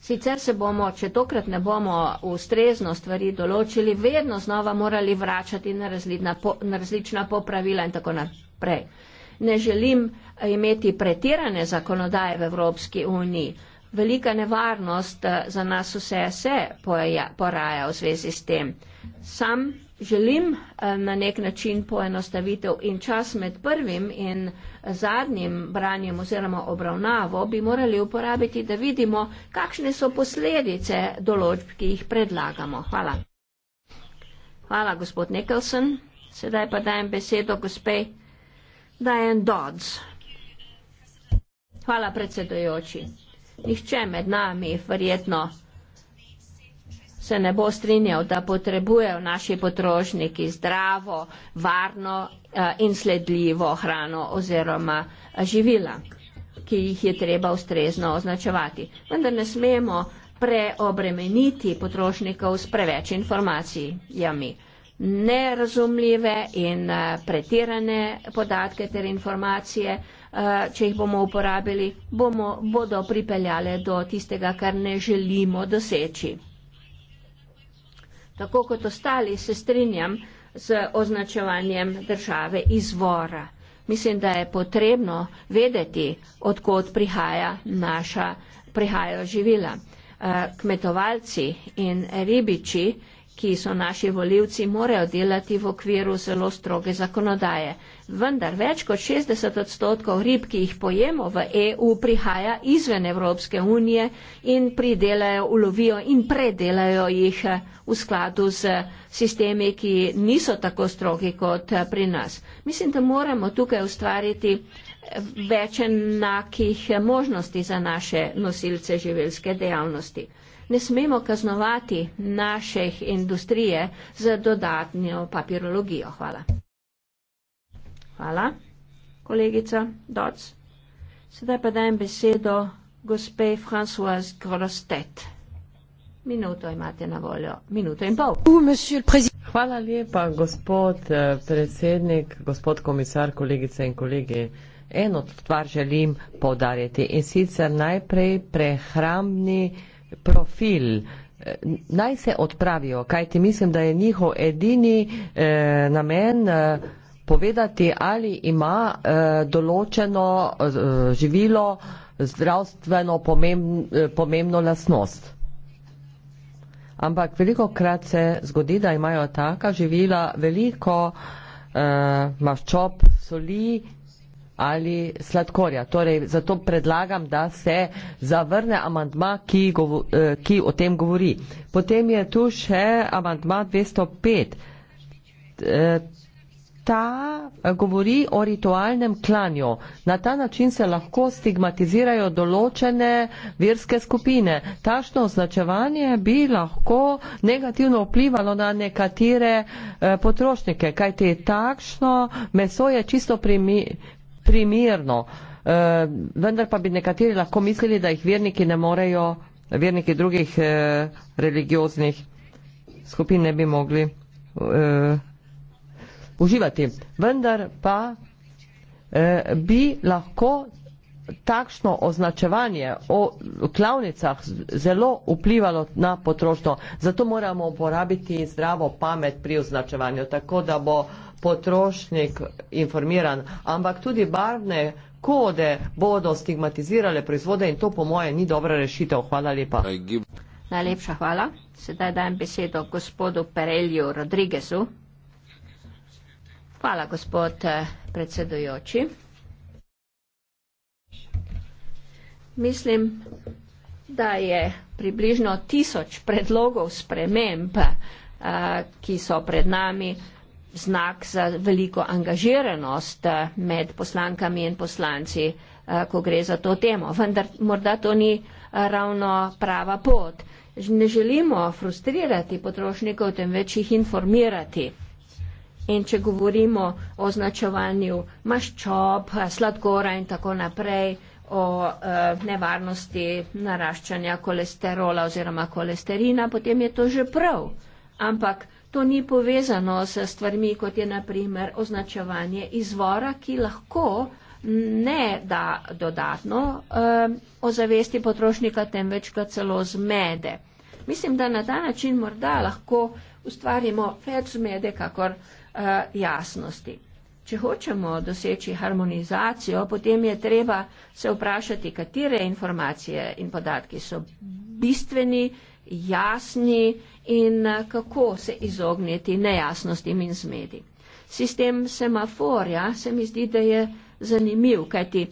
Sicer se bomo, če tokrat ne bomo ustrezno stvari določili, vedno znova morali vračati na, po, na različna popravila in tako naprej. Ne želim imeti pretirane zakonodaje v Evropski uniji, velika nevarnost eh, za nas vse se poraja v zvezi s tem. Sam želim eh, na nek način poenostavitev in čas med prvim in zadnjim branjem oziroma obravnavo bi morali uporabiti, da vidimo, kakšne so posledice določb, ki jih predlagamo. Hvala. Hvala, gospod Nicholson. Sedaj pa dajem besedo gospe Diane Dodds. Hvala, predsedujoči nihče med nami verjetno se ne bo strinjal, da potrebujejo naši potrošniki zdravo, varno eh, in sledljivo hrano oziroma eh, živila, ki jih je treba ustrezno označevati. Vendar ne smemo preobremeniti potrošnikov s preveč informacijami. Nerazumljive in eh, pretirane podatke ter informacije. Eh, če jih bomo uporabili, bomo, bodo pripeljale do tistega, kar ne želimo doseči. Tako kot ostali se strinjam z označevanjem države izvora. Mislim, da je potrebno vedeti, odkot prihaja naša, prihajajo živila. Eh, kmetovalci in ribiči, ki so naši voljivci, morajo delati v okviru zelo stroge zakonodaje vendar več kot 60 odstotkov rib, ki jih pojemo v EU, prihaja izven Evropske unije in pridelajo, ulovijo in predelajo jih eh, v skladu z sistemi, ki niso tako strogi kot eh, pri nas. Mislim, da moramo tukaj ustvariti eh, več enakih možnosti za naše nosilce živelske dejavnosti. Ne smemo kaznovati naših industrije z dodatnjo papirologijo. Hvala. Hvala, kolegica Doc. Sedaj pa dajem besedo gospe Françoise Grostet. Minuto imate na voljo, minuto in pol. Hvala lepa, gospod eh, predsednik, gospod komisar, kolegice in kolegi. Eno stvar želim povdarjati in sicer najprej prehrambni profil. Eh, naj se odpravijo, kajti mislim, da je njihov edini eh, namen. Eh, povedati, ali ima eh, določeno eh, živilo zdravstveno eh, pomembno lasnost. Ampak veliko krat se zgodi, da imajo taka živila veliko eh, maščob, soli ali sladkorja. Torej, zato predlagam, da se zavrne amantma, ki, eh, ki o tem govori. Potem je tu še amantma 205. Eh, ta eh, govori o ritualnem klanju. Na ta način se lahko stigmatizirajo določene verske skupine. Tašno označevanje bi lahko negativno vplivalo na nekatere eh, potrošnike, kajte takšno meso je čisto primi, primirno. Eh, vendar pa bi nekateri lahko mislili, da jih verniki ne morejo, verniki drugih eh, religioznih skupin ne bi mogli. Eh, uživati. Vendar pa eh, bi lahko takšno označevanje o klavnicah zelo vplivalo na potrošnjo. Zato moramo uporabiti zdravo pamet pri označevanju, tako da bo potrošnik informiran. Ampak tudi barvne kode bodo stigmatizirale proizvode in to po moje ni dobra rešitev. Hvala lepa. Najlepša hvala. Sedaj dajem besedo gospodu Perelju Rodrigezu. Hvala, gospod, eh, predsedujoči. Mislim, da je približno tisoč predlogov sprememb, eh, ki so pred nami, znak za veliko angažiranost eh, med poslankami in poslanci, ko gre za to temo. Vendar morda to ni ravno prava pot. Ne želimo frustrirati potrošnikov, temveč jih informirati. In če govorimo o označevanju maščob, sladkora in tako naprej, o e, nevarnosti naraščanja kolesterola oziroma kolesterina, potem je to že prav. Ampak to ni povezano s stvarmi, kot je naprimer označevanje izvora, ki lahko ne da dodatno e, ozavesti potrošnika, temveč ga celo zmede. Mislim, da na ta način morda lahko ustvarimo več zmede, kakor Eh, jasnosti. Če hočemo doseči harmonizacijo, potem je treba se vprašati, katere informacije in podatki so bistveni, jasni in kako se izogniti nejasnostim in zmedi. Sistem semaforja se mi zdi, da je zanimiv, kajti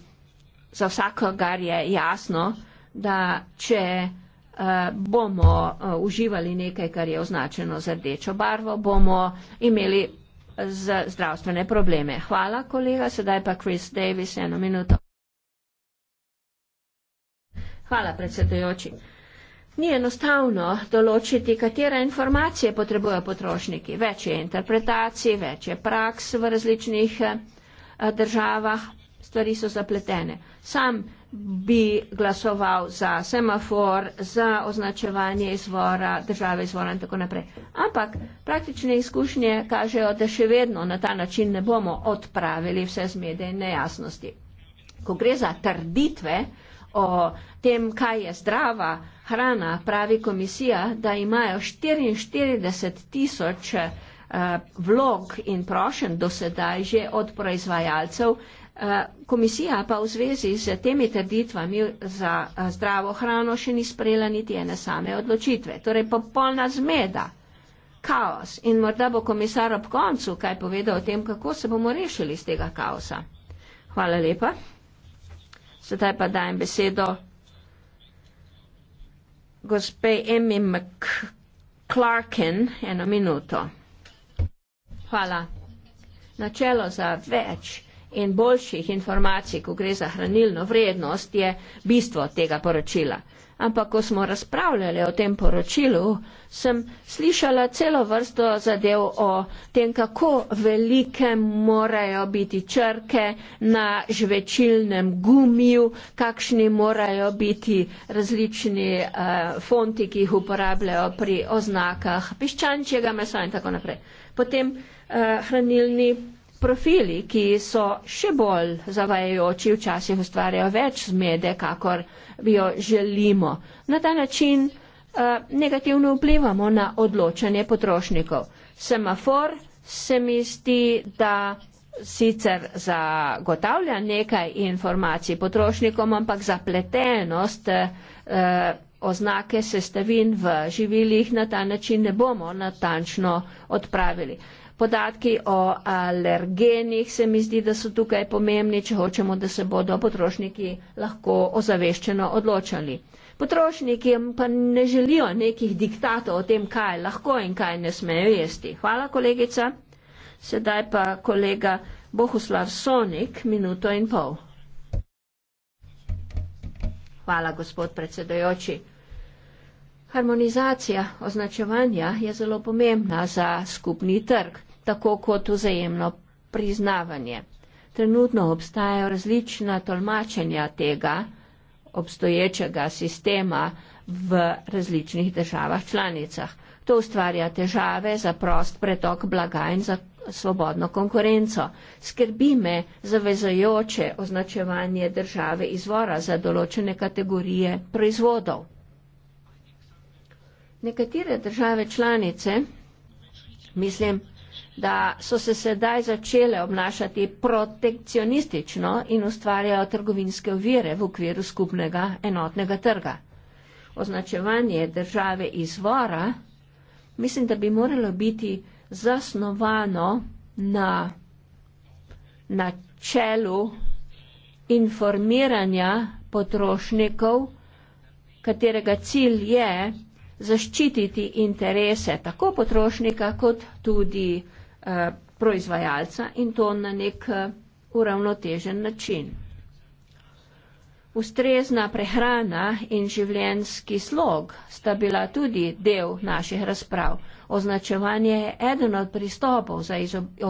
za vsakogar je jasno, da če eh, bomo uh, uživali nekaj, kar je označeno z rdečo barvo, bomo imeli za zdravstvene probleme. Hvala, kolega. Sedaj pa Chris Davis, eno minuto. Hvala, predsedujoči. Ni enostavno določiti, katere informacije potrebujejo potrošniki. Več je interpretacij, več je praks v različnih eh, državah, stvari so zapletene. Sam bi glasoval za semafor, za označevanje izvora, države izvora in tako naprej. Ampak praktične izkušnje kažejo, da še vedno na ta način ne bomo odpravili vse zmede in nejasnosti. Ko gre za trditve o tem, kaj je zdrava hrana, pravi komisija, da imajo 44 tisoč eh, vlog in prošen do sedaj že od proizvajalcev Eh, komisija pa v zvezi z temi trditvami za eh, zdravo hrano še ni sprejela niti ene same odločitve. Torej popolna zmeda, kaos in morda bo komisar ob koncu kaj povedal o tem, kako se bomo rešili iz tega kaosa. Hvala lepa. Sedaj pa dajem besedo gospe Emmy McClarkin eno minuto. Hvala. Načelo za več in boljših informacij, ko gre za hranilno vrednost, je bistvo tega poročila. Ampak, ko smo razpravljali o tem poročilu, sem slišala celo vrsto zadev o tem, kako velike morajo biti črke na žvečilnem gumiju, kakšni morajo biti različni uh, fonti, ki jih uporabljajo pri oznakah piščančjega mesa in tako naprej. Potem uh, hranilni Profili, ki so še bolj zavajajoči, včasih ustvarjajo več zmede, kakor bi jo želimo. Na ta način uh, negativno vplivamo na odločanje potrošnikov. Semafor se mi zdi, da sicer zagotavlja nekaj informacij potrošnikom, ampak zapletenost eh, oznake sestavin v živilih na ta način ne bomo natančno odpravili. Podatki o alergenih se mi zdi, da so tukaj pomembni, če hočemo, da se bodo potrošniki lahko ozaveščeno odločali. Potrošniki pa ne želijo nekih diktatov o tem, kaj lahko in kaj ne smejo jesti. Hvala, kolegica. Sedaj pa kolega Bohuslav Sonik, minuto in pol. Hvala, gospod predsedojoči. Harmonizacija označevanja je zelo pomembna za skupni trg, tako kot vzajemno priznavanje. Trenutno obstajajo različna tolmačenja tega obstoječega sistema v različnih državah članicah. To ustvarja težave za prost pretok blaga in za svobodno konkurenco. Skrbi me zavezajoče označevanje države izvora za določene kategorije proizvodov. Nekatere države članice, mislim, da so se sedaj začele obnašati protekcionistično in ustvarjajo trgovinske ovire v okviru skupnega enotnega trga. Označevanje države izvora mislim, da bi moralo biti zasnovano na načelu informiranja potrošnikov, katerega cilj je zaščititi interese tako potrošnika kot tudi eh, proizvajalca in to na nek eh, uravnotežen način. Ustrezna prehrana in življenski slog sta bila tudi del naših razprav. Označevanje je eden od pristopov za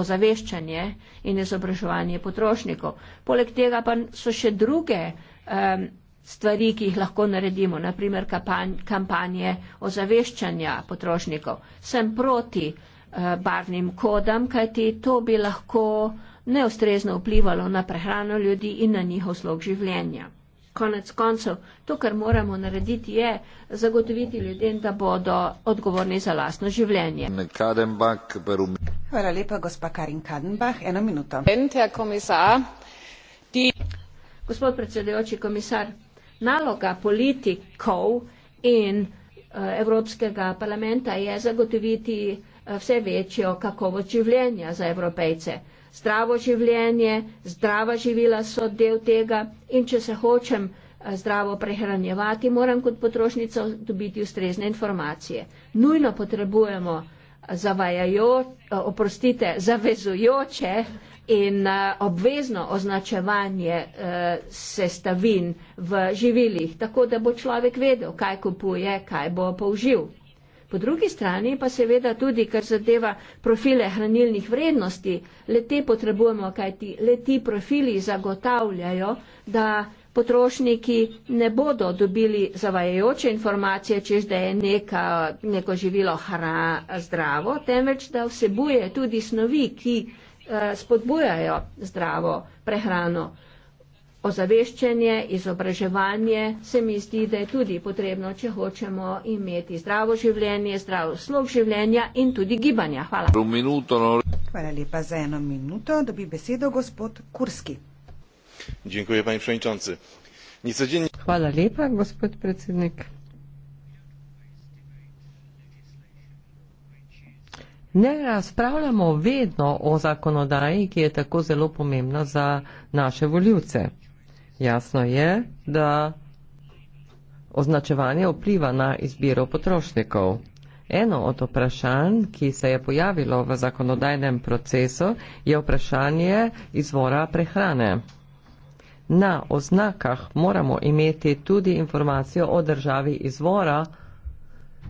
ozaveščanje in izobraževanje potrošnikov. Poleg tega pa so še druge um, stvari, ki jih lahko naredimo, naprimer kampanje ozaveščanja potrošnikov. Sem proti eh, barvnim kodam, kajti to bi lahko neustrezno vplivalo na prehrano ljudi in na njihov slog življenja. Konec koncev, to, kar moramo narediti, je zagotoviti ljudem, da bodo odgovorni za lastno življenje. Hvala lepa, gospa Karin Kadenbach. Eno minuto. Gospod predsedujoči komisar, naloga politikov in eh, Evropskega parlamenta je zagotoviti eh, vse večjo kakovost življenja za evropejce. Zdravo življenje, zdrava živila so del tega in če se hočem eh, zdravo prehranjevati, moram kot potrošnica dobiti ustrezne informacije. Nujno potrebujemo zavajajo, oprostite, zavezujoče in uh, obvezno označevanje uh, sestavin v živilih, tako da bo človek vedel, kaj kupuje, kaj bo použil. Po drugi strani pa seveda tudi, kar zadeva profile hranilnih vrednosti, le te potrebujemo, kaj ti, le ti profili zagotavljajo, da potrošniki ne bodo dobili zavajajoče informacije, čež da je neka, neko živilo hra zdravo, temveč da vsebuje tudi snovi, ki Eh, spodbujajo zdravo prehrano. Ozaveščanje, izobraževanje se mi zdi, da je tudi potrebno, če hočemo imeti zdravo življenje, zdrav slog življenja in tudi gibanja. Hvala. No. Hvala lepa za eno minuto, da bi besedo gospod Kurski. Dziękuję, panie przewodniczący. Niecodziennie... Hvala lepa, gospod predsednik. Ne razpravljamo vedno o zakonodaji, ki je tako zelo pomembna za naše voljivce. Jasno je, da označevanje vpliva na izbiro potrošnikov. Eno od vprašanj, ki se je pojavilo v zakonodajnem procesu, je vprašanje izvora prehrane. Na oznakah moramo imeti tudi informacijo o državi izvora prehrane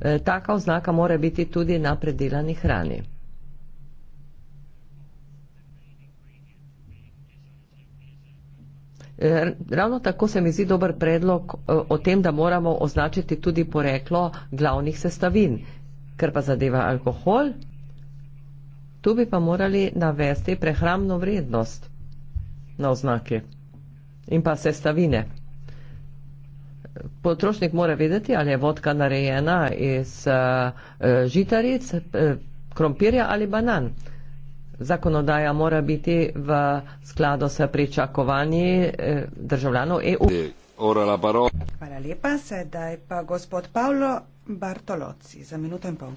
E, taka oznaka mora biti tudi na predelani hrani. E, ravno tako se mi zdi dober predlog e, o tem, da moramo označiti tudi poreklo glavnih sestavin, ker pa zadeva alkohol, tu bi pa morali navesti prehramno vrednost na oznaki in pa sestavine potrošnik mora vedeti, ali je vodka narejena iz uh, žitaric, eh, krompirja ali banan. Zakonodaja mora biti v skladu s pričakovanji uh, državljanov EU. Hvala lepa, sedaj pa gospod Pavlo Bartoloci za minuto in pol.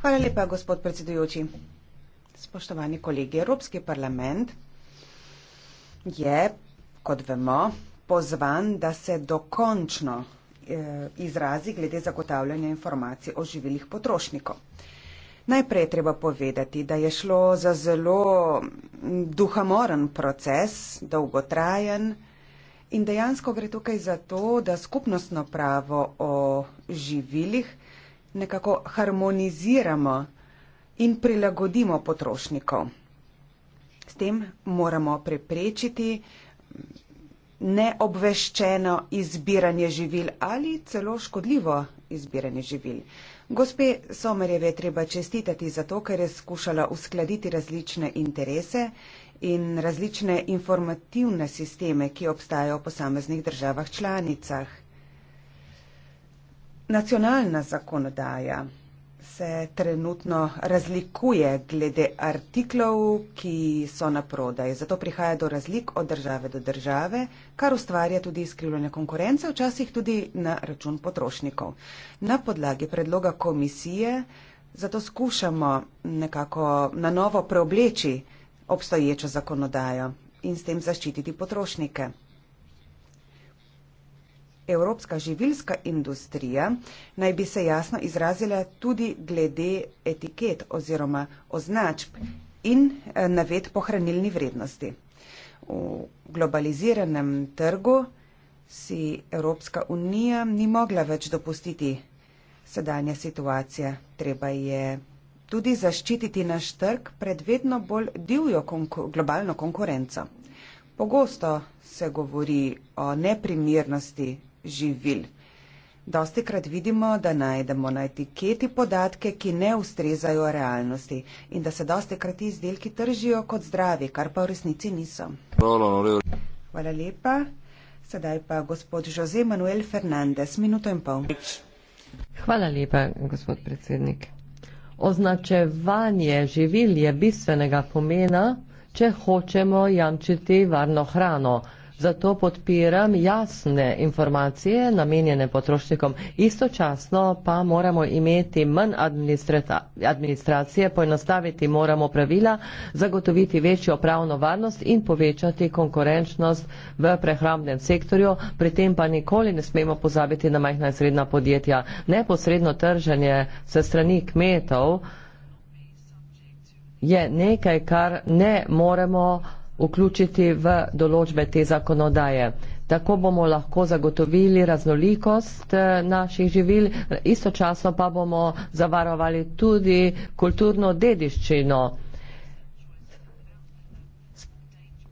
Hvala lepa, gospod predsedujoči. Spoštovani kolegi, Evropski parlament je, kot vemo, pozvan, da se dokončno eh, izrazi glede zagotavljanja informacij o živilih potrošnikov. Najprej treba povedati, da je šlo za zelo duhamoren proces, dolgotrajen in dejansko gre tukaj za to, da skupnostno pravo o živilih nekako harmoniziramo in prilagodimo potrošnikov. S tem moramo preprečiti neobveščeno izbiranje živil ali celo škodljivo izbiranje živil. Gospe Somerjeve je treba čestitati za to, ker je skušala uskladiti različne interese in različne informativne sisteme, ki obstajajo v posameznih državah članicah. Nacionalna zakonodaja se trenutno razlikuje glede artiklov, ki so na prodaj. Zato prihaja do razlik od države do države, kar ustvarja tudi izkrivljanje konkurence, včasih tudi na račun potrošnikov. Na podlagi predloga komisije zato skušamo nekako na novo preobleči obstoječo zakonodajo in s tem zaščititi potrošnike evropska živilska industrija naj bi se jasno izrazila tudi glede etiket oziroma označb in eh, navet pohranilni vrednosti. V globaliziranem trgu si Evropska unija ni mogla več dopustiti sedanja situacija. Treba je tudi zaščititi naš trg pred vedno bolj divjo konku globalno konkurenco. Pogosto se govori o neprimernosti živil. Dosti krat vidimo, da najdemo na etiketi podatke, ki ne ustrezajo realnosti in da se dosti krat izdelki tržijo kot zdravi, kar pa v resnici niso. Hvala, Hvala lepa. Sedaj pa gospod Jose Manuel Fernandez, minuto in pol. Hvala lepa, gospod predsednik. Označevanje živil je bistvenega pomena, če hočemo jamčiti varno hrano zato podpiram jasne informacije namenjene potrošnikom. Istočasno pa moramo imeti manj administracije, poenostaviti moramo pravila, zagotoviti večjo pravno varnost in povečati konkurenčnost v prehrambnem sektorju, pri tem pa nikoli ne smemo pozabiti na majhna in srednja podjetja. Neposredno trženje se strani kmetov je nekaj, kar ne moremo vključiti v določbe te zakonodaje. Tako bomo lahko zagotovili raznolikost eh, naših živil, istočasno pa bomo zavarovali tudi kulturno dediščino.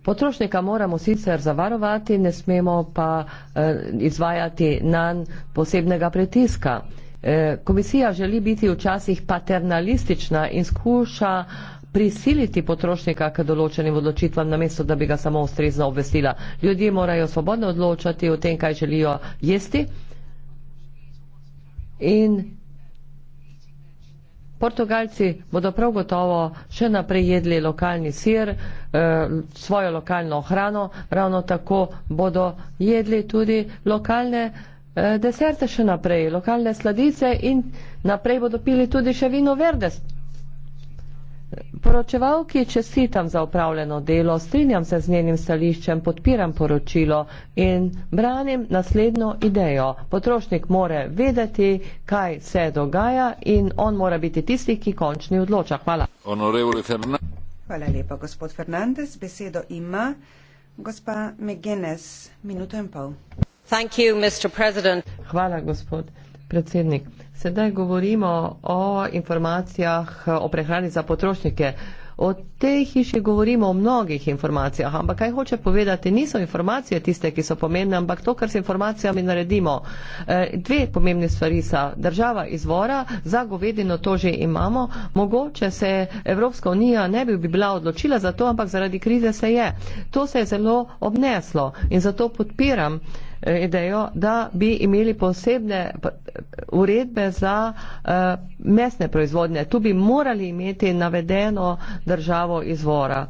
Potrošnika moramo sicer zavarovati, ne smemo pa eh, izvajati nanj posebnega pritiska. Eh, komisija želi biti včasih paternalistična in skuša prisiliti potrošnika k določenim odločitvam, namesto da bi ga samo ustrezno obvestila. Ljudje morajo svobodno odločati o tem, kaj želijo jesti. In Portugalci bodo prav gotovo še naprej jedli lokalni sir, eh, svojo lokalno hrano, ravno tako bodo jedli tudi lokalne eh, deserte še naprej, lokalne sladice in naprej bodo pili tudi še vino verdes. Poročevalki čestitam za upravljeno delo, strinjam se z njenim stališčem, podpiram poročilo in branim naslednjo idejo. Potrošnik more vedeti, kaj se dogaja in on mora biti tisti, ki končni odloča. Hvala. Hvala lepa, gospod Fernandez. Besedo ima gospa Megenes, minuto in pol. Hvala, gospod predsednik. Sedaj govorimo o informacijah o prehrani za potrošnike. O tej hiši govorimo o mnogih informacijah, ampak kaj hoče povedati, niso informacije tiste, ki so pomembne, ampak to, kar s informacijami naredimo. E, dve pomembni stvari so država izvora, za govedino to že imamo, mogoče se Evropska unija ne bi bila odločila za to, ampak zaradi krize se je. To se je zelo obneslo in zato podpiram. Eh, idejo, da bi imeli posebne uredbe za uh, mesne proizvodnje. Tu bi morali imeti navedeno državo izvora.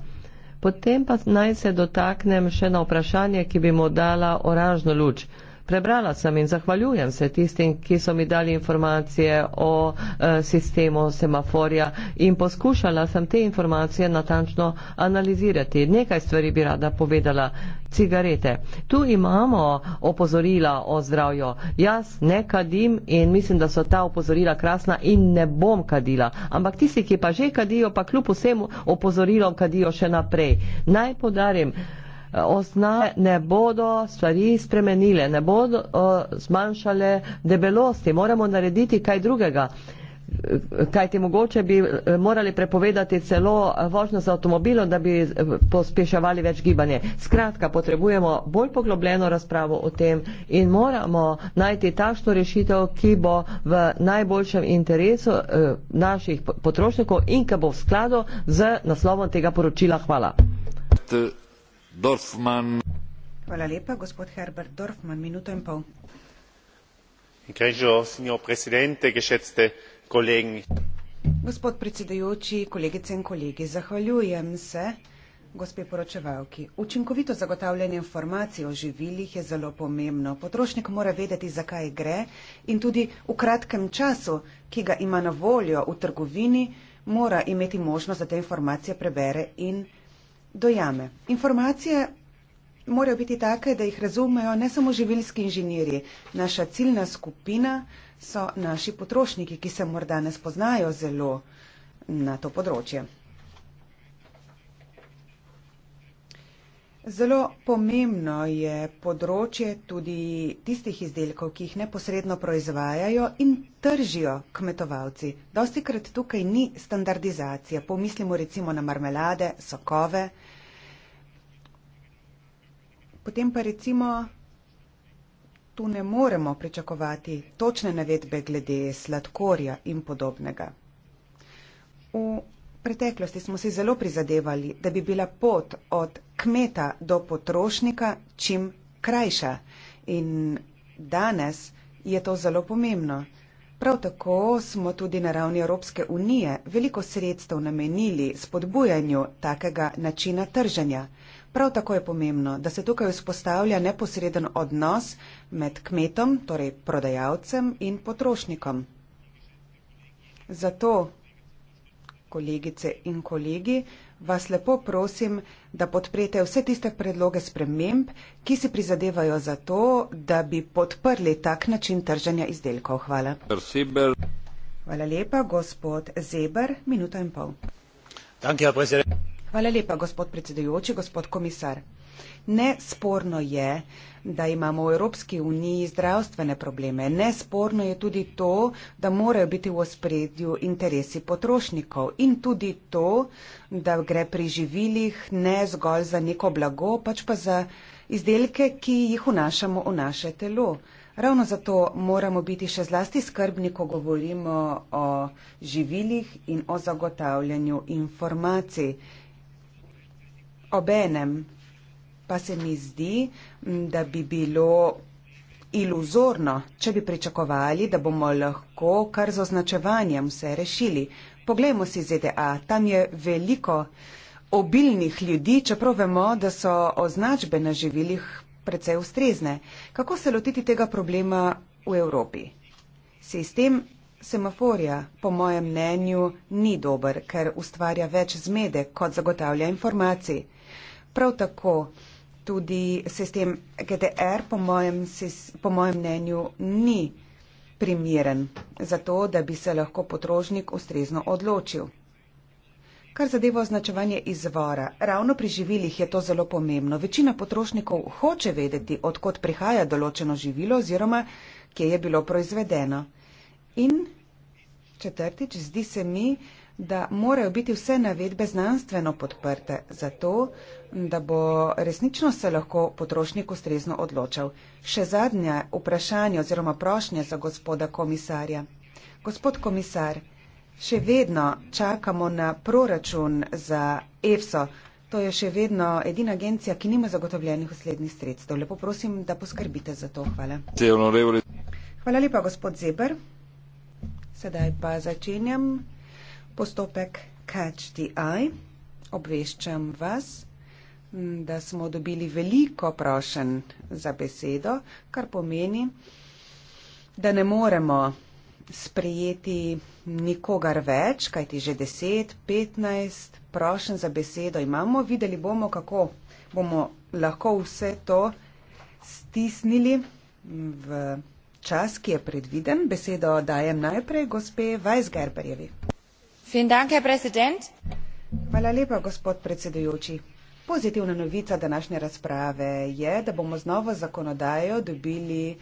Potem pa naj se dotaknem še na vprašanje, ki bi mu dala oranžno luč. Uh, prebrala sem in zahvaljujem se tistim, ki so mi dali informacije o eh, sistemu semaforja in poskušala sem te informacije natančno analizirati. Nekaj stvari bi rada povedala. Cigarete. Tu imamo opozorila o zdravju. Jaz ne kadim in mislim, da so ta opozorila krasna in ne bom kadila. Ampak tisti, ki pa že kadijo, pa kljub vsem opozorilom kadijo še naprej. Naj podarim. Eh, osna ne bodo stvari spremenile, ne bodo eh, zmanjšale debelosti. Moramo narediti kaj drugega. Eh, kaj ti mogoče bi morali prepovedati celo vožnjo z avtomobilom, da bi pospeševali več gibanje. Skratka, potrebujemo bolj poglobljeno razpravo o tem in moramo najti takšno rešitev, ki bo v najboljšem interesu naših potrošnikov in ki bo v skladu z naslovom tega poročila. Hvala. To... Dorfman. Hvala lepa, gospod Herbert Dorfman, minuto in pol. Gospod predsedujoči, kolegice in kolegi, zahvaljujem se gospe poročevalki. Učinkovito zagotavljanje informacij o živilih je zelo pomembno. Potrošnik mora vedeti, zakaj gre in tudi v kratkem času, ki ga ima na voljo v trgovini, mora imeti možnost, da te informacije prebere in prebere dojame. Informacije morajo biti take, da jih razumejo ne samo živilski inženirji. Naša ciljna skupina so naši potrošniki, ki se morda ne spoznajo zelo na to področje. Zelo pomembno je področje tudi tistih izdelkov, ki jih neposredno proizvajajo in tržijo kmetovalci. Dosti krat tukaj ni standardizacija. Pomislimo recimo na marmelade, sokove. Potem pa recimo tu ne moremo pričakovati točne navedbe glede sladkorja in podobnega. V preteklosti smo si zelo prizadevali, da bi bila pot od kmeta do potrošnika čim krajša. In danes je to zelo pomembno. Prav tako smo tudi na ravni Evropske unije veliko sredstev namenili spodbujanju takega načina trženja. Prav tako je pomembno, da se tukaj vzpostavlja neposreden odnos med kmetom, torej prodajalcem in potrošnikom. Zato kolegice in kolegi, vas lepo prosim, da podprete vse tiste predloge sprememb, ki si prizadevajo za to, da bi podprli tak način trženja izdelkov. Hvala. Hvala lepa, gospod Zeber, minuto in pol. Hvala lepa, gospod predsedujoči, gospod komisar. Nesporno je, da imamo v Evropski uniji zdravstvene probleme. Nesporno je tudi to, da morajo biti v ospredju interesi potrošnikov in tudi to, da gre pri živilih ne zgolj za neko blago, pač pa za izdelke, ki jih vnašamo v naše telo. Ravno zato moramo biti še zlasti skrbni, ko govorimo o živilih in o zagotavljanju informacij. Obenem pa se mi zdi, da bi bilo iluzorno, če bi pričakovali, da bomo lahko kar z označevanjem vse rešili. Poglejmo si ZDA, tam je veliko obilnih ljudi, čeprav vemo, da so označbe na živilih precej ustrezne. Kako se lotiti tega problema v Evropi? Sistem semaforja, po mojem mnenju, ni dober, ker ustvarja več zmede, kot zagotavlja informacij. Prav tako tudi sistem GDR, po mojem, po mojem mnenju, ni primeren za to, da bi se lahko potrošnik ustrezno odločil. Kar zadeva označevanje izvora, ravno pri živilih je to zelo pomembno. Večina potrošnikov hoče vedeti, odkot prihaja določeno živilo oziroma kje je bilo proizvedeno. In četrtič, zdi se mi, da morajo biti vse navedbe znanstveno podprte, zato da bo resnično se lahko potrošnik ustrezno odločal. Še zadnje vprašanje oziroma prošnje za gospoda komisarja. Gospod komisar, še vedno čakamo na proračun za EFSO. To je še vedno edina agencija, ki nima zagotovljenih uslednjih sredstev. Lepo prosim, da poskrbite za to. Hvala. Hvala lepa, gospod Zeber. Sedaj pa začenjam postopek Catch the Eye. Obveščam vas, da smo dobili veliko prošen za besedo, kar pomeni, da ne moremo sprejeti nikogar več, kajti že 10, 15 prošen za besedo imamo. Videli bomo, kako bomo lahko vse to stisnili v čas, ki je predviden. Besedo dajem najprej gospe Weisgerberjevi. Hvala lepa, gospod predsedujoči. Pozitivna novica današnje razprave je, da bomo z novo zakonodajo dobili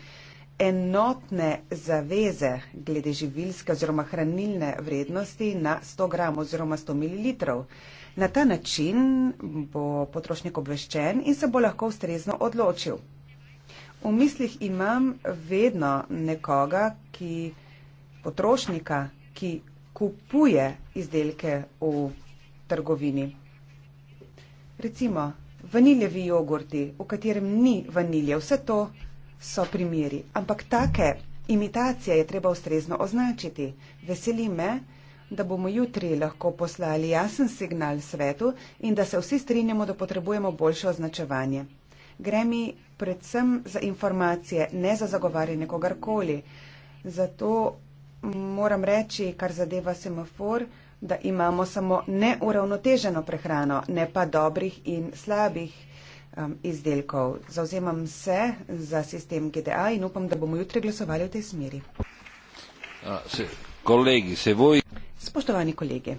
enotne zaveze glede živilske oziroma hranilne vrednosti na 100 gramov oziroma 100 mililitrov. Na ta način bo potrošnik obveščen in se bo lahko ustrezno odločil. V mislih imam vedno nekoga, ki potrošnika, ki kupuje izdelke v trgovini. Recimo, vaniljevi jogurti, v katerem ni vanilje, vse to so primeri. Ampak take imitacije je treba ustrezno označiti. Veseli me, da bomo jutri lahko poslali jasen signal svetu in da se vsi strinjamo, da potrebujemo boljše označevanje. Gre mi predvsem za informacije, ne za zagovarjanje kogarkoli. Zato moram reči, kar zadeva semafor, da imamo samo neuravnoteženo prehrano, ne pa dobrih in slabih um, izdelkov. Zauzemam se za sistem GDA in upam, da bomo jutri glasovali v tej smeri. A, se, kolegi, se voj... Spoštovani kolegi.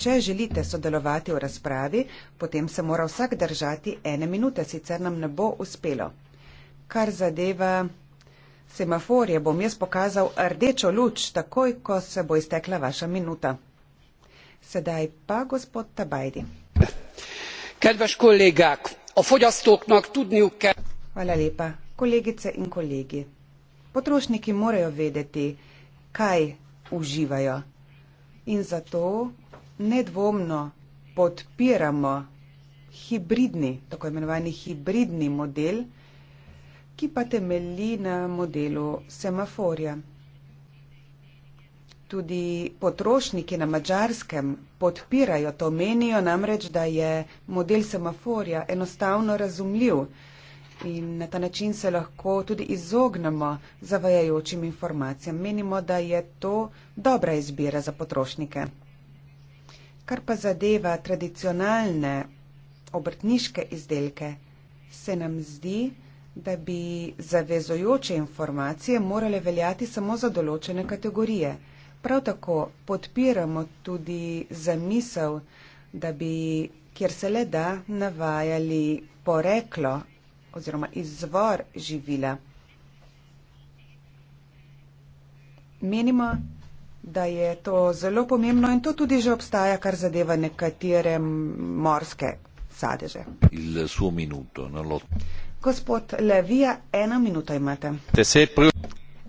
Če želite sodelovati v razpravi, potem se mora vsak držati ene minute, sicer nam ne bo uspelo. Kar zadeva semaforje bom jaz pokazal rdečo luč, takoj, ko se bo iztekla vaša minuta. Sedaj pa gospod Tabajdi. Kedves kolega, o fogyasztóknak tudni kell. Hvala lepa. Kolegice in kolegi, potrošniki morajo vedeti, kaj uživajo. In zato nedvomno podpiramo hibridni, tako imenovani hibridni model, ki pa temelji na modelu semaforja. Tudi potrošniki na mačarskem podpirajo to, menijo namreč, da je model semaforja enostavno razumljiv in na ta način se lahko tudi izognemo zavajajočim informacijam. Menimo, da je to dobra izbira za potrošnike. Kar pa zadeva tradicionalne obrtniške izdelke, se nam zdi, da je da bi zavezojoče informacije morale veljati samo za določene kategorije. Prav tako podpiramo tudi zamisel, da bi, kjer se le da, navajali poreklo oziroma izvor živila. Menimo, da je to zelo pomembno in to tudi že obstaja, kar zadeva nekatere morske sadeže. Il suo minuto, no, lo... Gospod Levija, eno minuto imate.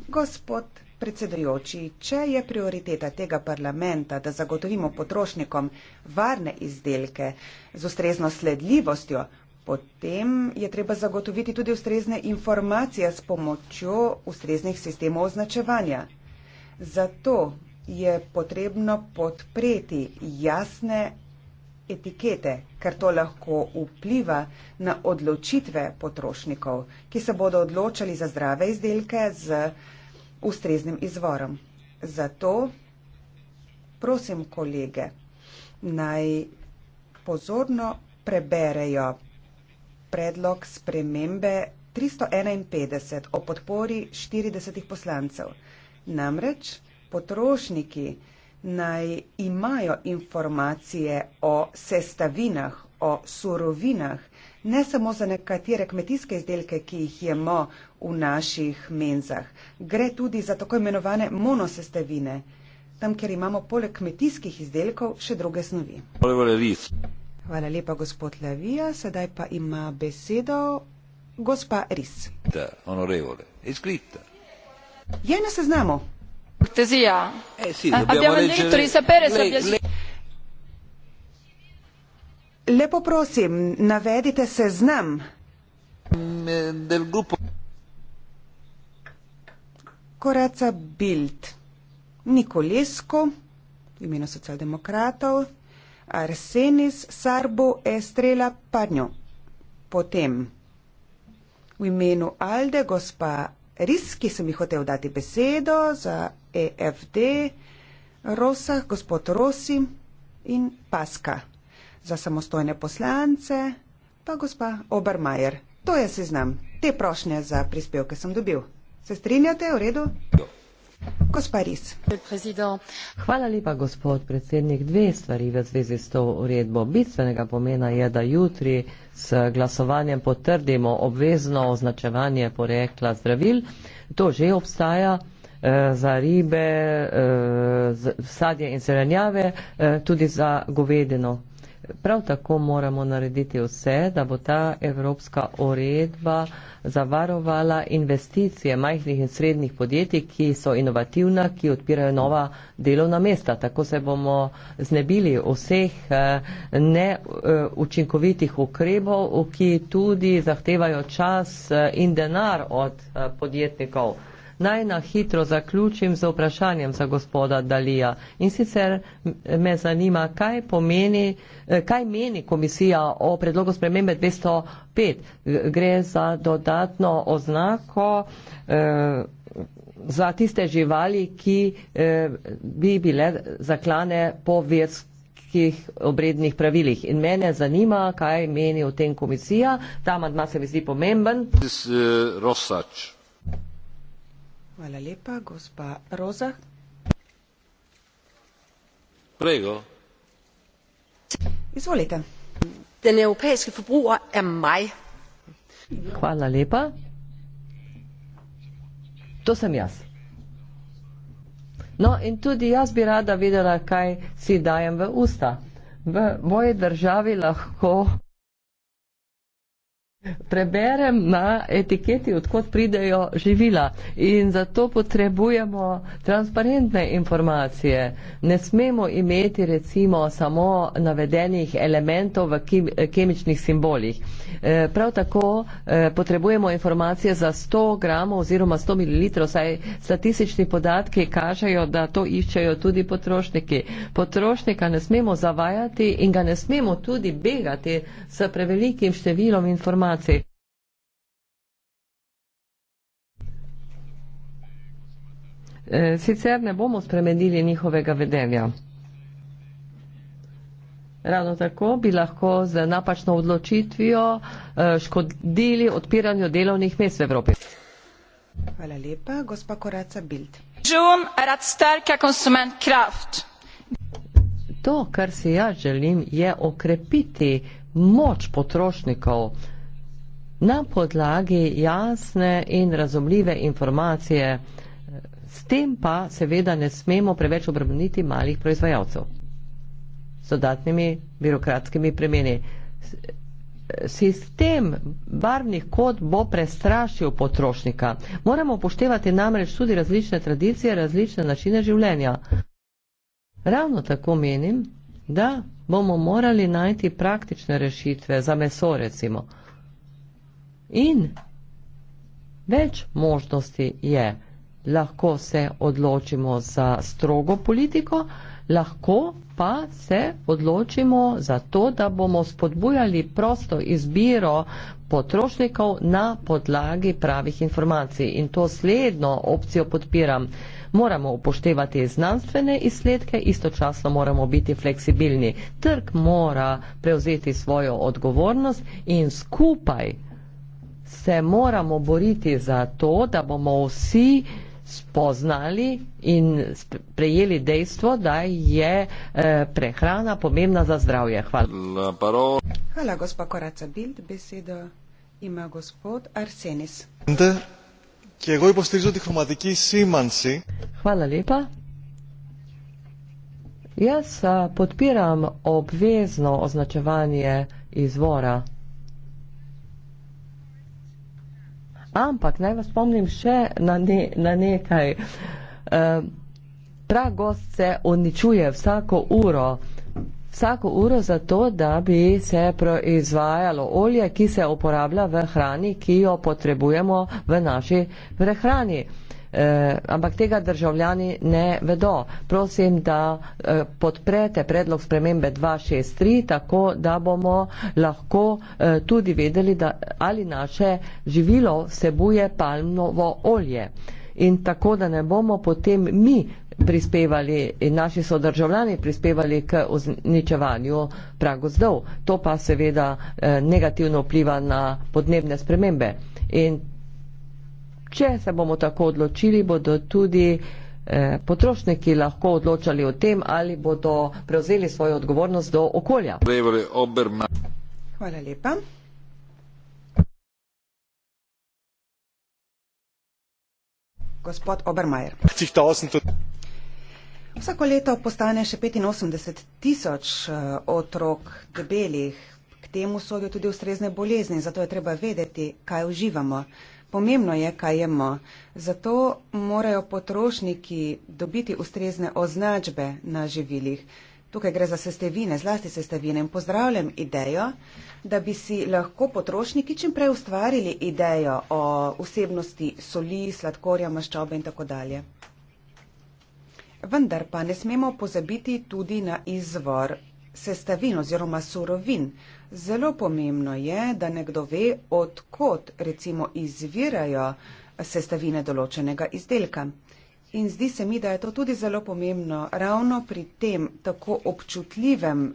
Gospod predsedujoči, če je prioriteta tega parlamenta, da zagotovimo potrošnikom varne izdelke z ustrezno sledljivostjo, potem je treba zagotoviti tudi ustrezne informacije s pomočjo ustreznih sistemov označevanja. Zato je potrebno podpreti jasne etikete, ker to lahko vpliva na odločitve potrošnikov, ki se bodo odločali za zdrave izdelke z ustreznim izvorom. Zato prosim kolege, naj pozorno preberejo predlog spremembe 351 o podpori 40 poslancev. Namreč potrošniki naj imajo informacije o sestavinah, o surovinah, ne samo za nekatere kmetijske izdelke, ki jih jemo v naših menzah. Gre tudi za tako imenovane monosestavine, tam, kjer imamo poleg kmetijskih izdelkov še druge snovi. Hvala lepa, gospod Levija. Sedaj pa ima besedo gospa Ris. Da, je na seznamu cortesia. Eh sì, eh, Abbiamo leggere... il diritto di sapere lei, se abbia... Lei... Le poprosim, navedite se znam. Del gruppo... Corazza Bild, Nicolescu, il meno socialdemocrato, Arsenis Sarbo Estrela Pagno. Potem, v imenu Alde, gospa Riski, sem jih hotel dati besedo za EFD, Rosa, gospod Rosi in Paska. Za samostojne poslance pa gospa Obermajer. To je seznam. Te prošnje za prispevke sem dobil. Se strinjate, v redu? Hvala lepa, gospod predsednik. Dve stvari v zvezi s to uredbo. Bistvenega pomena je, da jutri s glasovanjem potrdimo obvezno označevanje porekla zdravil. To že obstaja. Eh, za ribe, eh, sadje in zelenjave, eh, tudi za govedino. Prav tako moramo narediti vse, da bo ta evropska uredba zavarovala investicije majhnih in srednjih podjetij, ki so inovativna, ki odpirajo nova delovna mesta. Tako se bomo znebili vseh neučinkovitih ukrebov, ki tudi zahtevajo čas in denar od podjetnikov. Naj na hitro zaključim z vprašanjem za gospoda Dalija. In sicer me zanima, kaj, pomeni, eh, kaj meni komisija o predlogu spremembe 205. Gre za dodatno oznako eh, za tiste živali, ki eh, bi bile zaklane po verskem obrednih pravilih. In mene zanima, kaj meni o tem komisija. Ta madma se mi zdi pomemben. This, uh, Hvala lepa. Gospa Roza. Prego. Izvolite. Den evropejske forbruger er mig. Hvala lepa. To sem jaz. No, in tudi jaz bi rada vedela, kaj si dajem v usta. V moji državi lahko. Preberem na etiketi, odkot pridejo živila in zato potrebujemo transparentne informacije. Ne smemo imeti recimo samo navedenih elementov v kemičnih simbolih. E, prav tako e, potrebujemo informacije za 100 gramov oziroma 100 ml, saj statistični podatki kažejo, da to iščejo tudi potrošniki. Potrošnika ne smemo zavajati in ga ne smemo tudi begati s prevelikim številom informacij informacij. E, sicer ne bomo spremenili njihovega vedenja. Ravno tako bi lahko z napačno odločitvijo e, škodili odpiranju delovnih mest v Evropi. Hvala lepa, gospa Koraca Bild. Er to, kar si jaz želim, je okrepiti moč potrošnikov na podlagi jasne in razumljive informacije. S tem pa seveda ne smemo preveč obremeniti malih proizvajalcev s dodatnimi birokratskimi premeni. Sistem barvnih kod bo prestrašil potrošnika. Moramo upoštevati namreč tudi različne tradicije, različne načine življenja. Ravno tako menim, da bomo morali najti praktične rešitve za meso, recimo in več možnosti je. Lahko se odločimo za strogo politiko, lahko pa se odločimo za to, da bomo spodbujali prosto izbiro potrošnikov na podlagi pravih informacij. In to sledno opcijo podpiram. Moramo upoštevati znanstvene izsledke, istočasno moramo biti fleksibilni. Trg mora prevzeti svojo odgovornost in skupaj se moramo boriti za to, da bomo vsi spoznali in prejeli dejstvo, da je eh, prehrana pomembna za zdravje. Hvala. Hvala, gospa Koraca Bild. Besedo ima gospod Arsenis. Και εγώ υποστηρίζω τη χρωματική σήμανση. Χαλά λίπα. Ιας ποτπήραμ οπβέζνο οζνατσεβάνιε εις βόρα. Ampak naj vas spomnim še na, ne, na nekaj. Ehm, Prav gost se uničuje vsako uro. Vsako uro zato, da bi se proizvajalo olje, ki se uporablja v hrani, ki jo potrebujemo v naši prehrani. Uh, Eh, ampak tega državljani ne vedo. Prosim, da eh, podprete predlog spremembe 263, tako da bomo lahko eh, tudi vedeli, da ali naše živilo vsebuje palmovo olje. In tako, da ne bomo potem mi prispevali in naši sodržavljani prispevali k uničevanju pragozdov. To pa seveda negativno vpliva na podnebne spremembe. In Če se bomo tako odločili, bodo tudi eh, potrošniki lahko odločali o tem, ali bodo prevzeli svojo odgovornost do okolja. Hvala lepa. Gospod Obermajer. Vsako leto postane še 85 tisoč eh, otrok debelih. K temu sodijo tudi ustrezne bolezni, zato je treba vedeti, kaj uživamo. Pomembno je, kaj jemo, zato morajo potrošniki dobiti ustrezne označbe na živilih. Tukaj gre za sestevine, zlasti sestevine. Pozdravljam idejo, da bi si lahko potrošniki čim prej ustvarili idejo o vsebnosti soli, sladkorja, maščobe in tako dalje. Vendar pa ne smemo pozabiti tudi na izvor sestavin oziroma surovin. Zelo pomembno je, da nekdo ve, odkot recimo izvirajo sestavine določenega izdelka. In zdi se mi, da je to tudi zelo pomembno ravno pri tem tako občutljivem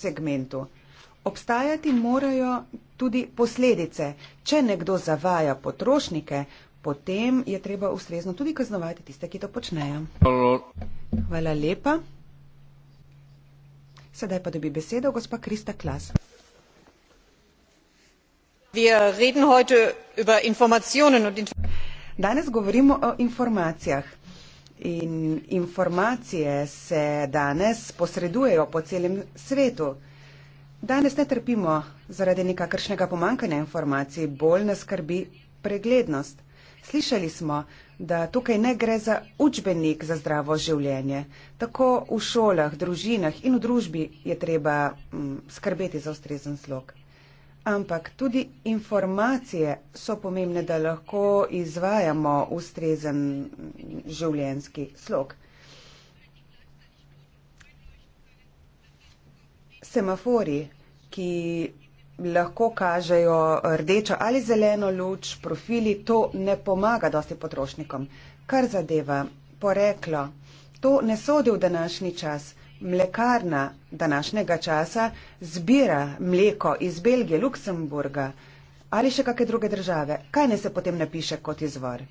segmentu. Obstajati morajo tudi posledice. Če nekdo zavaja potrošnike, potem je treba ustrezno tudi kaznovati tiste, ki to počnejo. Hvala lepa. Sedaj pa dobi besedo gospa Krista Klas. Danes govorimo o informacijah. In informacije se danes posredujejo po celem svetu. Danes ne trpimo zaradi nekakršnega pomankanja informacij, bolj nas skrbi preglednost. Slišali smo, da tukaj ne gre za učbenik za zdravo življenje. Tako v šolah, družinah in v družbi je treba mm, skrbeti za ustrezen slog. Ampak tudi informacije so pomembne, da lahko izvajamo ustrezen mm, življenski slog. Semafori, ki lahko kažejo rdečo ali zeleno luč, profili, to ne pomaga dosti potrošnikom. Kar zadeva poreklo, to ne sodi v današnji čas. Mlekarna današnjega časa zbira mleko iz Belgije, Luksemburga ali še kakšne druge države. Kaj ne se potem napiše kot izvor?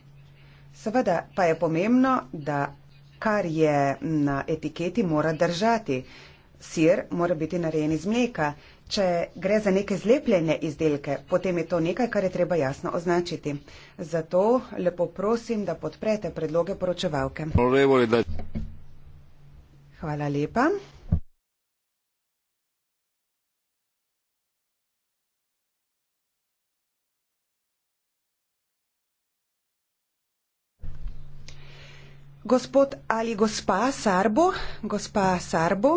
Seveda pa je pomembno, da kar je na etiketi mora držati. Sir mora biti narejen iz mleka. Če gre za neke zlepljene izdelke, potem je to nekaj, kar je treba jasno označiti. Zato lepo prosim, da podprete predloge poročevalke. Hvala lepa. Gospod ali gospa Sarbo, gospa Sarbo,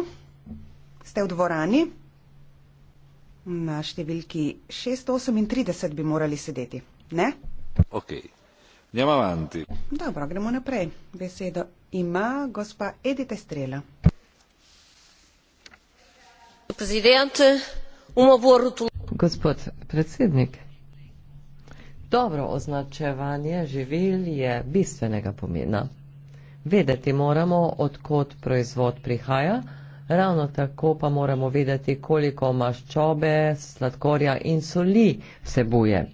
ste v dvorani? Na številki 638 bi morali sedeti, ne? Ok, njema vanti. Dobro, gremo naprej. Besedo ima gospa Edita Strela. Gospod predsednik, dobro označevanje živil je bistvenega pomena. Vedeti moramo, odkot proizvod prihaja, odkot proizvod prihaja, ravno tako pa moramo vedeti, koliko maščobe, sladkorja in soli vsebuje.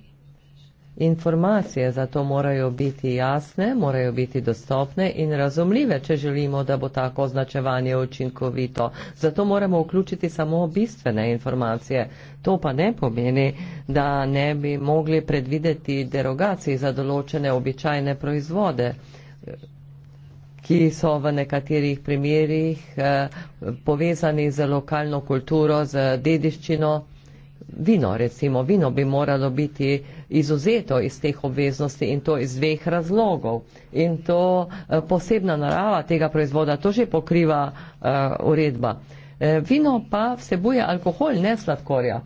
Informacije zato morajo biti jasne, morajo biti dostopne in razumljive, če želimo, da bo tako označevanje učinkovito. Zato moramo vključiti samo bistvene informacije. To pa ne pomeni, da ne bi mogli predvideti derogacij za določene običajne proizvode ki so v nekaterih primerjih eh, povezani z lokalno kulturo, z dediščino. Vino, recimo, vino bi moralo biti izuzeto iz teh obveznosti in to iz dveh razlogov. In to eh, posebna narava tega proizvoda, to že pokriva eh, uredba. Vino pa vsebuje alkohol, ne sladkorja.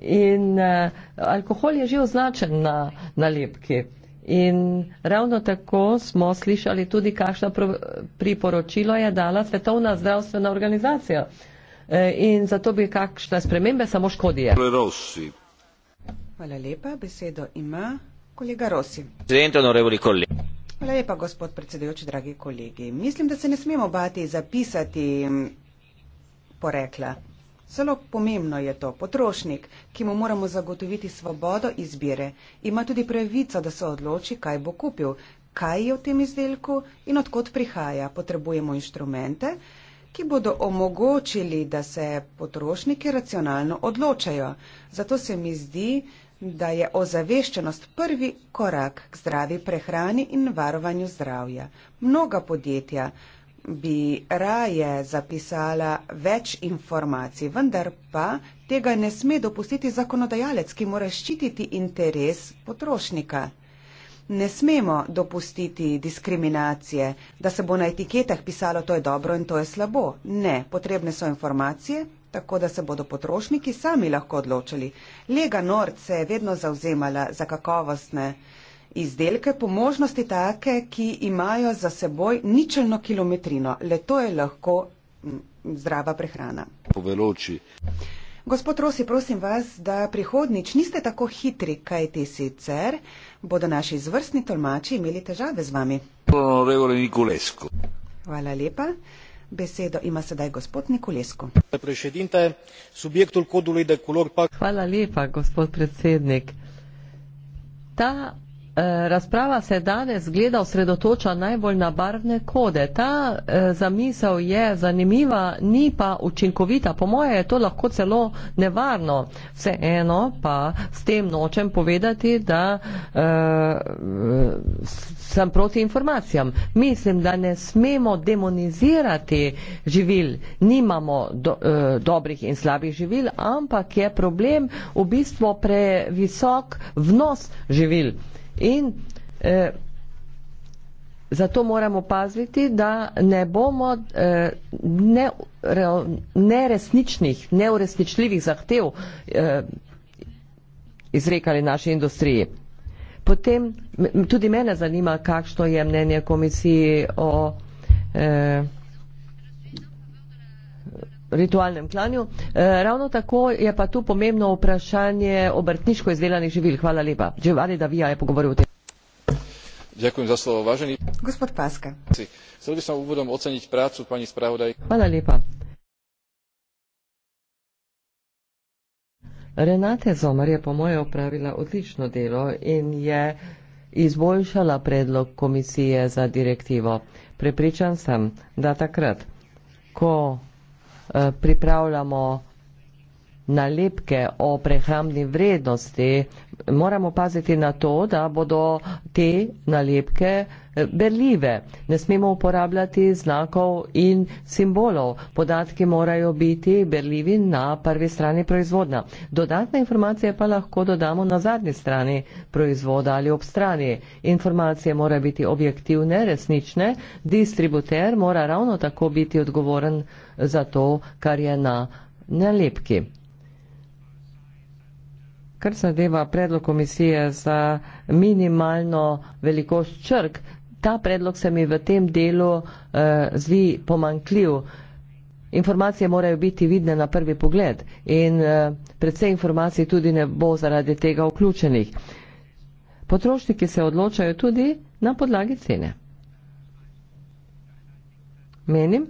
In eh, alkohol je že označen na nalepki. In ravno tako smo slišali tudi, kakšno priporočilo je dala Svetovna zdravstvena organizacija. E, in zato bi kakšne spremembe samo škodije. Hvala lepa. Besedo ima kolega Rosi. Hvala lepa, gospod predsedujoči, dragi kolegi. Mislim, da se ne smemo bati zapisati porekla Zelo pomembno je to. Potrošnik, ki mu moramo zagotoviti svobodo izbire, ima tudi pravico, da se odloči, kaj bo kupil, kaj je v tem izdelku in odkot prihaja. Potrebujemo inštrumente, ki bodo omogočili, da se potrošniki racionalno odločajo. Zato se mi zdi, da je ozaveščenost prvi korak k zdravi prehrani in varovanju zdravja. Mnoga podjetja bi raje zapisala več informacij, vendar pa tega ne sme dopustiti zakonodajalec, ki mora ščititi interes potrošnika. Ne smemo dopustiti diskriminacije, da se bo na etiketah pisalo, to je dobro in to je slabo. Ne, potrebne so informacije, tako da se bodo potrošniki sami lahko odločili. Lega Nord se je vedno zauzemala za kakovostne informacije izdelke, po možnosti take, ki imajo za seboj ničelno kilometrino. Le to je lahko zdrava prehrana. Poveloči. Gospod Rosi, prosim vas, da prihodnič niste tako hitri, kaj ti sicer bodo naši izvrstni tolmači imeli težave z vami. Hvala lepa. Besedo ima sedaj gospod Nikolesko. Hvala lepa, gospod predsednik. Ta Eh, razprava se danes gleda osredotoča najbolj na barvne kode. Ta eh, zamisel je zanimiva, ni pa učinkovita. Po moje je to lahko celo nevarno. Vseeno pa s tem nočem povedati, da uh, sem proti informacijam. Mislim, da ne smemo demonizirati živil. Nimamo do, uh, dobrih in slabih živil, ampak je problem v bistvu previsok vnos živil. In eh, zato moramo paziti, da ne bomo eh, neresničnih, ne neuresničljivih zahtev eh, izrekali naši industriji. Potem tudi mene zanima, kakšno je mnenje komisiji o eh, ritualnem klanju. E, ravno tako je pa tu pomembno vprašanje obrtniško izdelanih živil. Hvala lepa. Živali Davija je pogovoril o tem. Ďakujem za slovo, vážený. Gospod Páska. Chcel by som úvodom oceniť prácu pani spravodaj. Hvala lepa. Renate Zomar je po moje opravila odlično delo in je izboljšala predlog komisije za direktivo. Prepričan sem, da takrat, ko Eh, pripravljamo nalepke o prehrambni vrednosti, moramo paziti na to, da bodo te nalepke eh, berljive. Ne smemo uporabljati znakov in simbolov. Podatki morajo biti berljivi na prvi strani proizvodna. Dodatne informacije pa lahko dodamo na zadnji strani proizvoda ali ob strani. Informacije morajo biti objektivne, resnične. Distributer mora ravno tako biti odgovoren za to, kar je na nalepki kar zadeva predlog komisije za minimalno velikost črk. Ta predlog se mi v tem delu eh, zdi pomankljiv. Informacije morajo biti vidne na prvi pogled in eh, predvsej informacij tudi ne bo zaradi tega vključenih. Potrošniki se odločajo tudi na podlagi cene. Menim,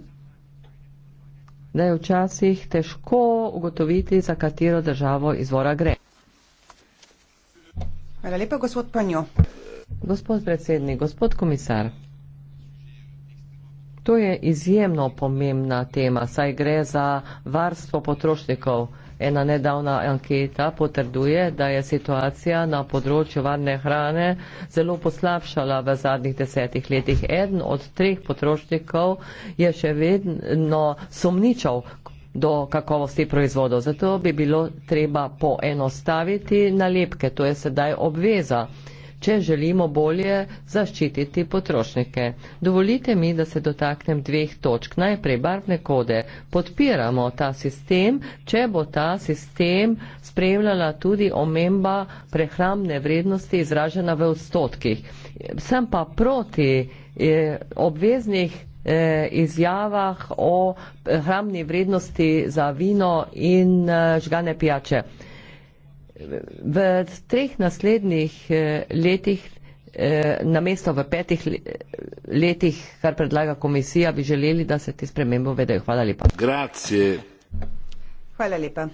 da je včasih težko ugotoviti, za katero državo izvora gre. Hvala lepa, gospod Panjo. Gospod predsednik, gospod komisar, to je izjemno pomembna tema, saj gre za varstvo potrošnikov. Ena nedavna anketa potrduje, da je situacija na področju varne hrane zelo poslabšala v zadnjih desetih letih. Eden od treh potrošnikov je še vedno sumničal, do kakovosti proizvodov. Zato bi bilo treba poenostaviti nalepke, to je sedaj obveza, če želimo bolje zaščititi potrošnike. Dovolite mi, da se dotaknem dveh točk. Najprej barvne kode. Podpiramo ta sistem, če bo ta sistem spremljala tudi omemba prehramne vrednosti izražena v odstotkih. Sem pa proti eh, obveznih Eh, izjavah o hramni vrednosti za vino in eh, žgane pijače. V treh naslednjih eh, letih, namesto v petih letih, kar predlaga komisija, bi želeli, da se te spremembe uvedejo. Hvala lepa. Grazie. Hvala lepa.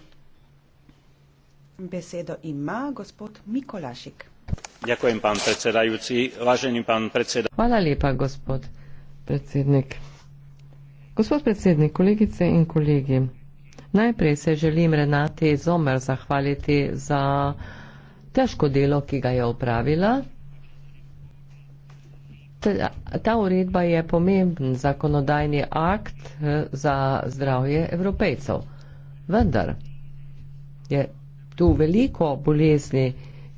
Besedo ima gospod Mikolašik. Ďakujem, pán predsedajúci. Vážený pán predseda. Hvala lepa, gospod predsednik. Gospod predsednik, kolegice in kolegi, najprej se želim Renati Zomer zahvaliti za težko delo, ki ga je opravila. Ta uredba je pomemben zakonodajni akt eh, za zdravje evropejcev. Vendar je tu veliko bolezni,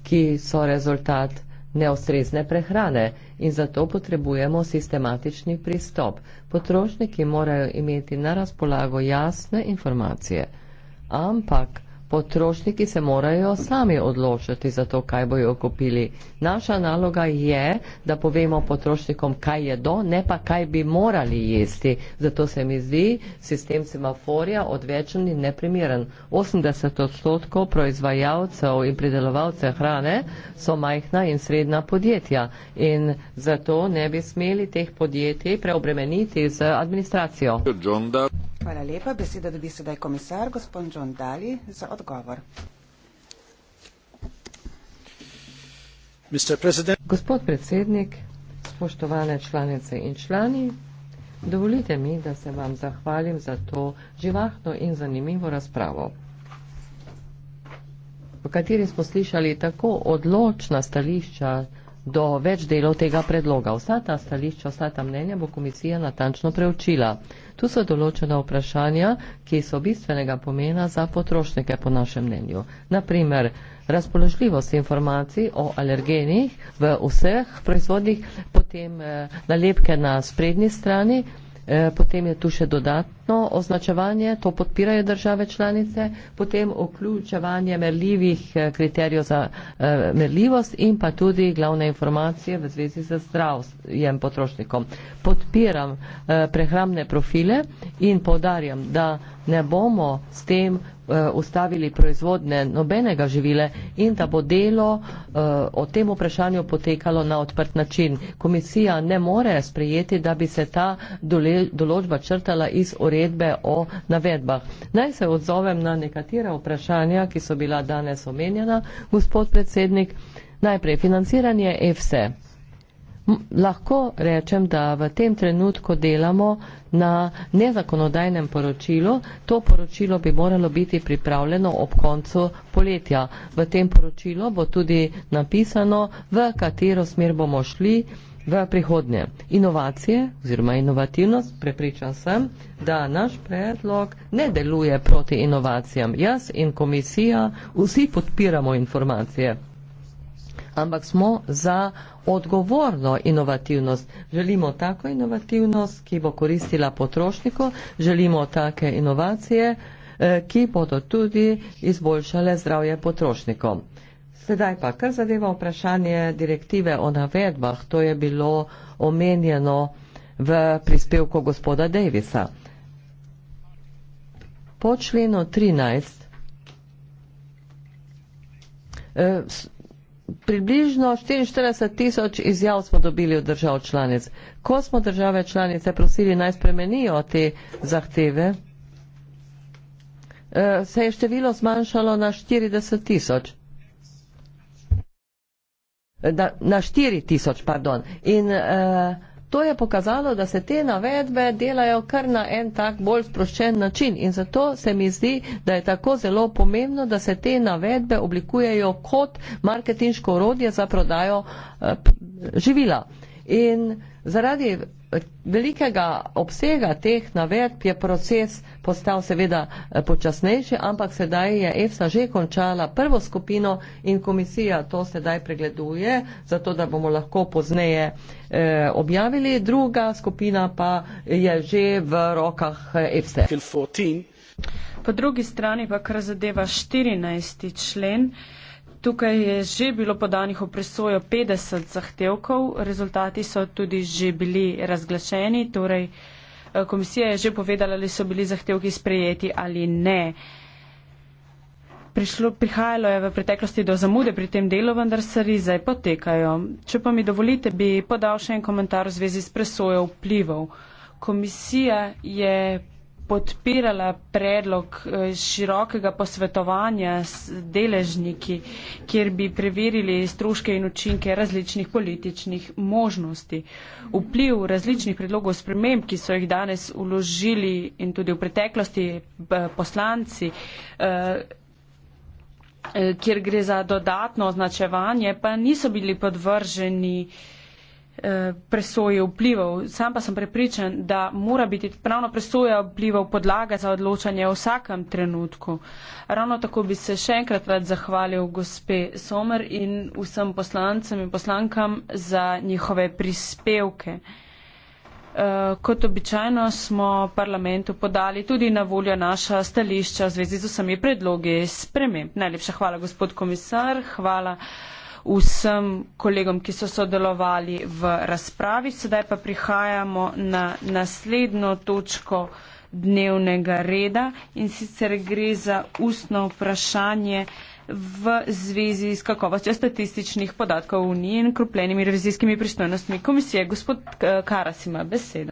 ki so rezultat neustrezne prehrane in zato potrebujemo sistematični pristop. Potrošniki morajo imeti na razpolago jasne informacije. Ampak, potrošniki se morajo sami odločiti za to, kaj bojo kupili. Naša naloga je, da povemo potrošnikom, kaj je do, ne pa kaj bi morali jesti. Zato se mi zdi sistem semaforja odvečen in neprimeren. 80 odstotkov proizvajalcev in pridelovalcev hrane so majhna in srednja podjetja in zato ne bi smeli teh podjetij preobremeniti z administracijo. Hvala lepa, beseda dobi sedaj komisar, gospod John Dali, za odgovor odgovor. Gospod predsednik, spoštovane članice in člani, dovolite mi, da se vam zahvalim za to živahno in zanimivo razpravo, v kateri smo slišali tako odločna stališča do več delov tega predloga. Vsa ta stališča, vsa ta mnenja bo komisija natančno preučila. Tu so določena vprašanja, ki so bistvenega pomena za potrošnike, po našem mnenju. Naprimer, razpoložljivost informacij o alergenih v vseh proizvodih, potem eh, nalepke na sprednji strani, E, potem je tu še dodatno označevanje, to podpirajo države članice, potem vključevanje merljivih e, kriterijev za e, merljivost in pa tudi glavne informacije v zvezi z zdravjem potrošnikom. Podpiram prehramne profile in povdarjam, da ne bomo s tem eh, ustavili proizvodne nobenega živile in da bo delo eh, o tem vprašanju potekalo na odprt način. Komisija ne more sprejeti, da bi se ta določba črtala iz uredbe o navedbah. Naj se odzovem na nekatera vprašanja, ki so bila danes omenjena, gospod predsednik. Najprej financiranje EFSE. Lahko rečem, da v tem trenutku delamo na nezakonodajnem poročilu. To poročilo bi moralo biti pripravljeno ob koncu poletja. V tem poročilu bo tudi napisano, v katero smer bomo šli v prihodnje. Inovacije oziroma inovativnost, prepričan sem, da naš predlog ne deluje proti inovacijam. Jaz in komisija vsi podpiramo informacije ampak smo za odgovorno inovativnost. Želimo tako inovativnost, ki bo koristila potrošniku, želimo take inovacije, eh, ki bodo tudi izboljšale zdravje potrošnikom. Sedaj pa, kar zadeva vprašanje direktive o navedbah, to je bilo omenjeno v prispevku gospoda Davisa. Po členu 13 Približno 44 tisoč izjav smo dobili od držav članic. Ko smo države članice prosili naj spremenijo te zahteve, eh, se je število zmanjšalo na 40 tisoč. Na 4 tisoč, pardon. In, uh, To je pokazalo, da se te navedbe delajo kar na en tak bolj sproščen način in zato se mi zdi, da je tako zelo pomembno, da se te navedbe oblikujejo kot marketinško orodje za prodajo eh, živila. In Zaradi velikega obsega teh navedb je proces postal seveda eh, počasnejši, ampak sedaj je EFSA že končala prvo skupino in komisija to sedaj pregleduje, zato da bomo lahko pozneje eh, objavili. Druga skupina pa je že v rokah eh, EFSA. Po drugi strani pa kar zadeva 14. člen tukaj je že bilo podanih v presojo 50 zahtevkov, rezultati so tudi že bili razglašeni, torej eh, komisija je že povedala, ali so bili zahtevki sprejeti ali ne. Prišlo, prihajalo je v preteklosti do zamude pri tem delu, vendar se rizaj potekajo. Če pa mi dovolite, bi podal še en komentar v zvezi s presojo vplivov. Komisija je podpirala predlog eh, širokega posvetovanja s deležniki, kjer bi preverili stroške in učinke različnih političnih možnosti. Vpliv različnih predlogov sprememb, ki so jih danes uložili in tudi v preteklosti eh, poslanci, eh, kjer gre za dodatno označevanje, pa niso bili podvrženi Eh, presoje vplivov. Sam pa sem prepričan, da mora biti pravna presoja vplivov podlaga za odločanje v vsakem trenutku. Ravno tako bi se še enkrat rad zahvalil gospe Somer in vsem poslancem in poslankam za njihove prispevke. Eh, kot običajno smo parlamentu podali tudi na voljo naša stališča v zvezi z vsemi predlogi sprememb. Najlepša hvala, gospod komisar. Hvala vsem kolegom, ki so sodelovali v razpravi. Sedaj pa prihajamo na naslednjo točko dnevnega reda in sicer gre za ustno vprašanje v zvezi s kakovostjo statističnih podatkov Unije in kropljenimi revizijskimi pristojnostmi komisije. Gospod eh, Karas ima besedo.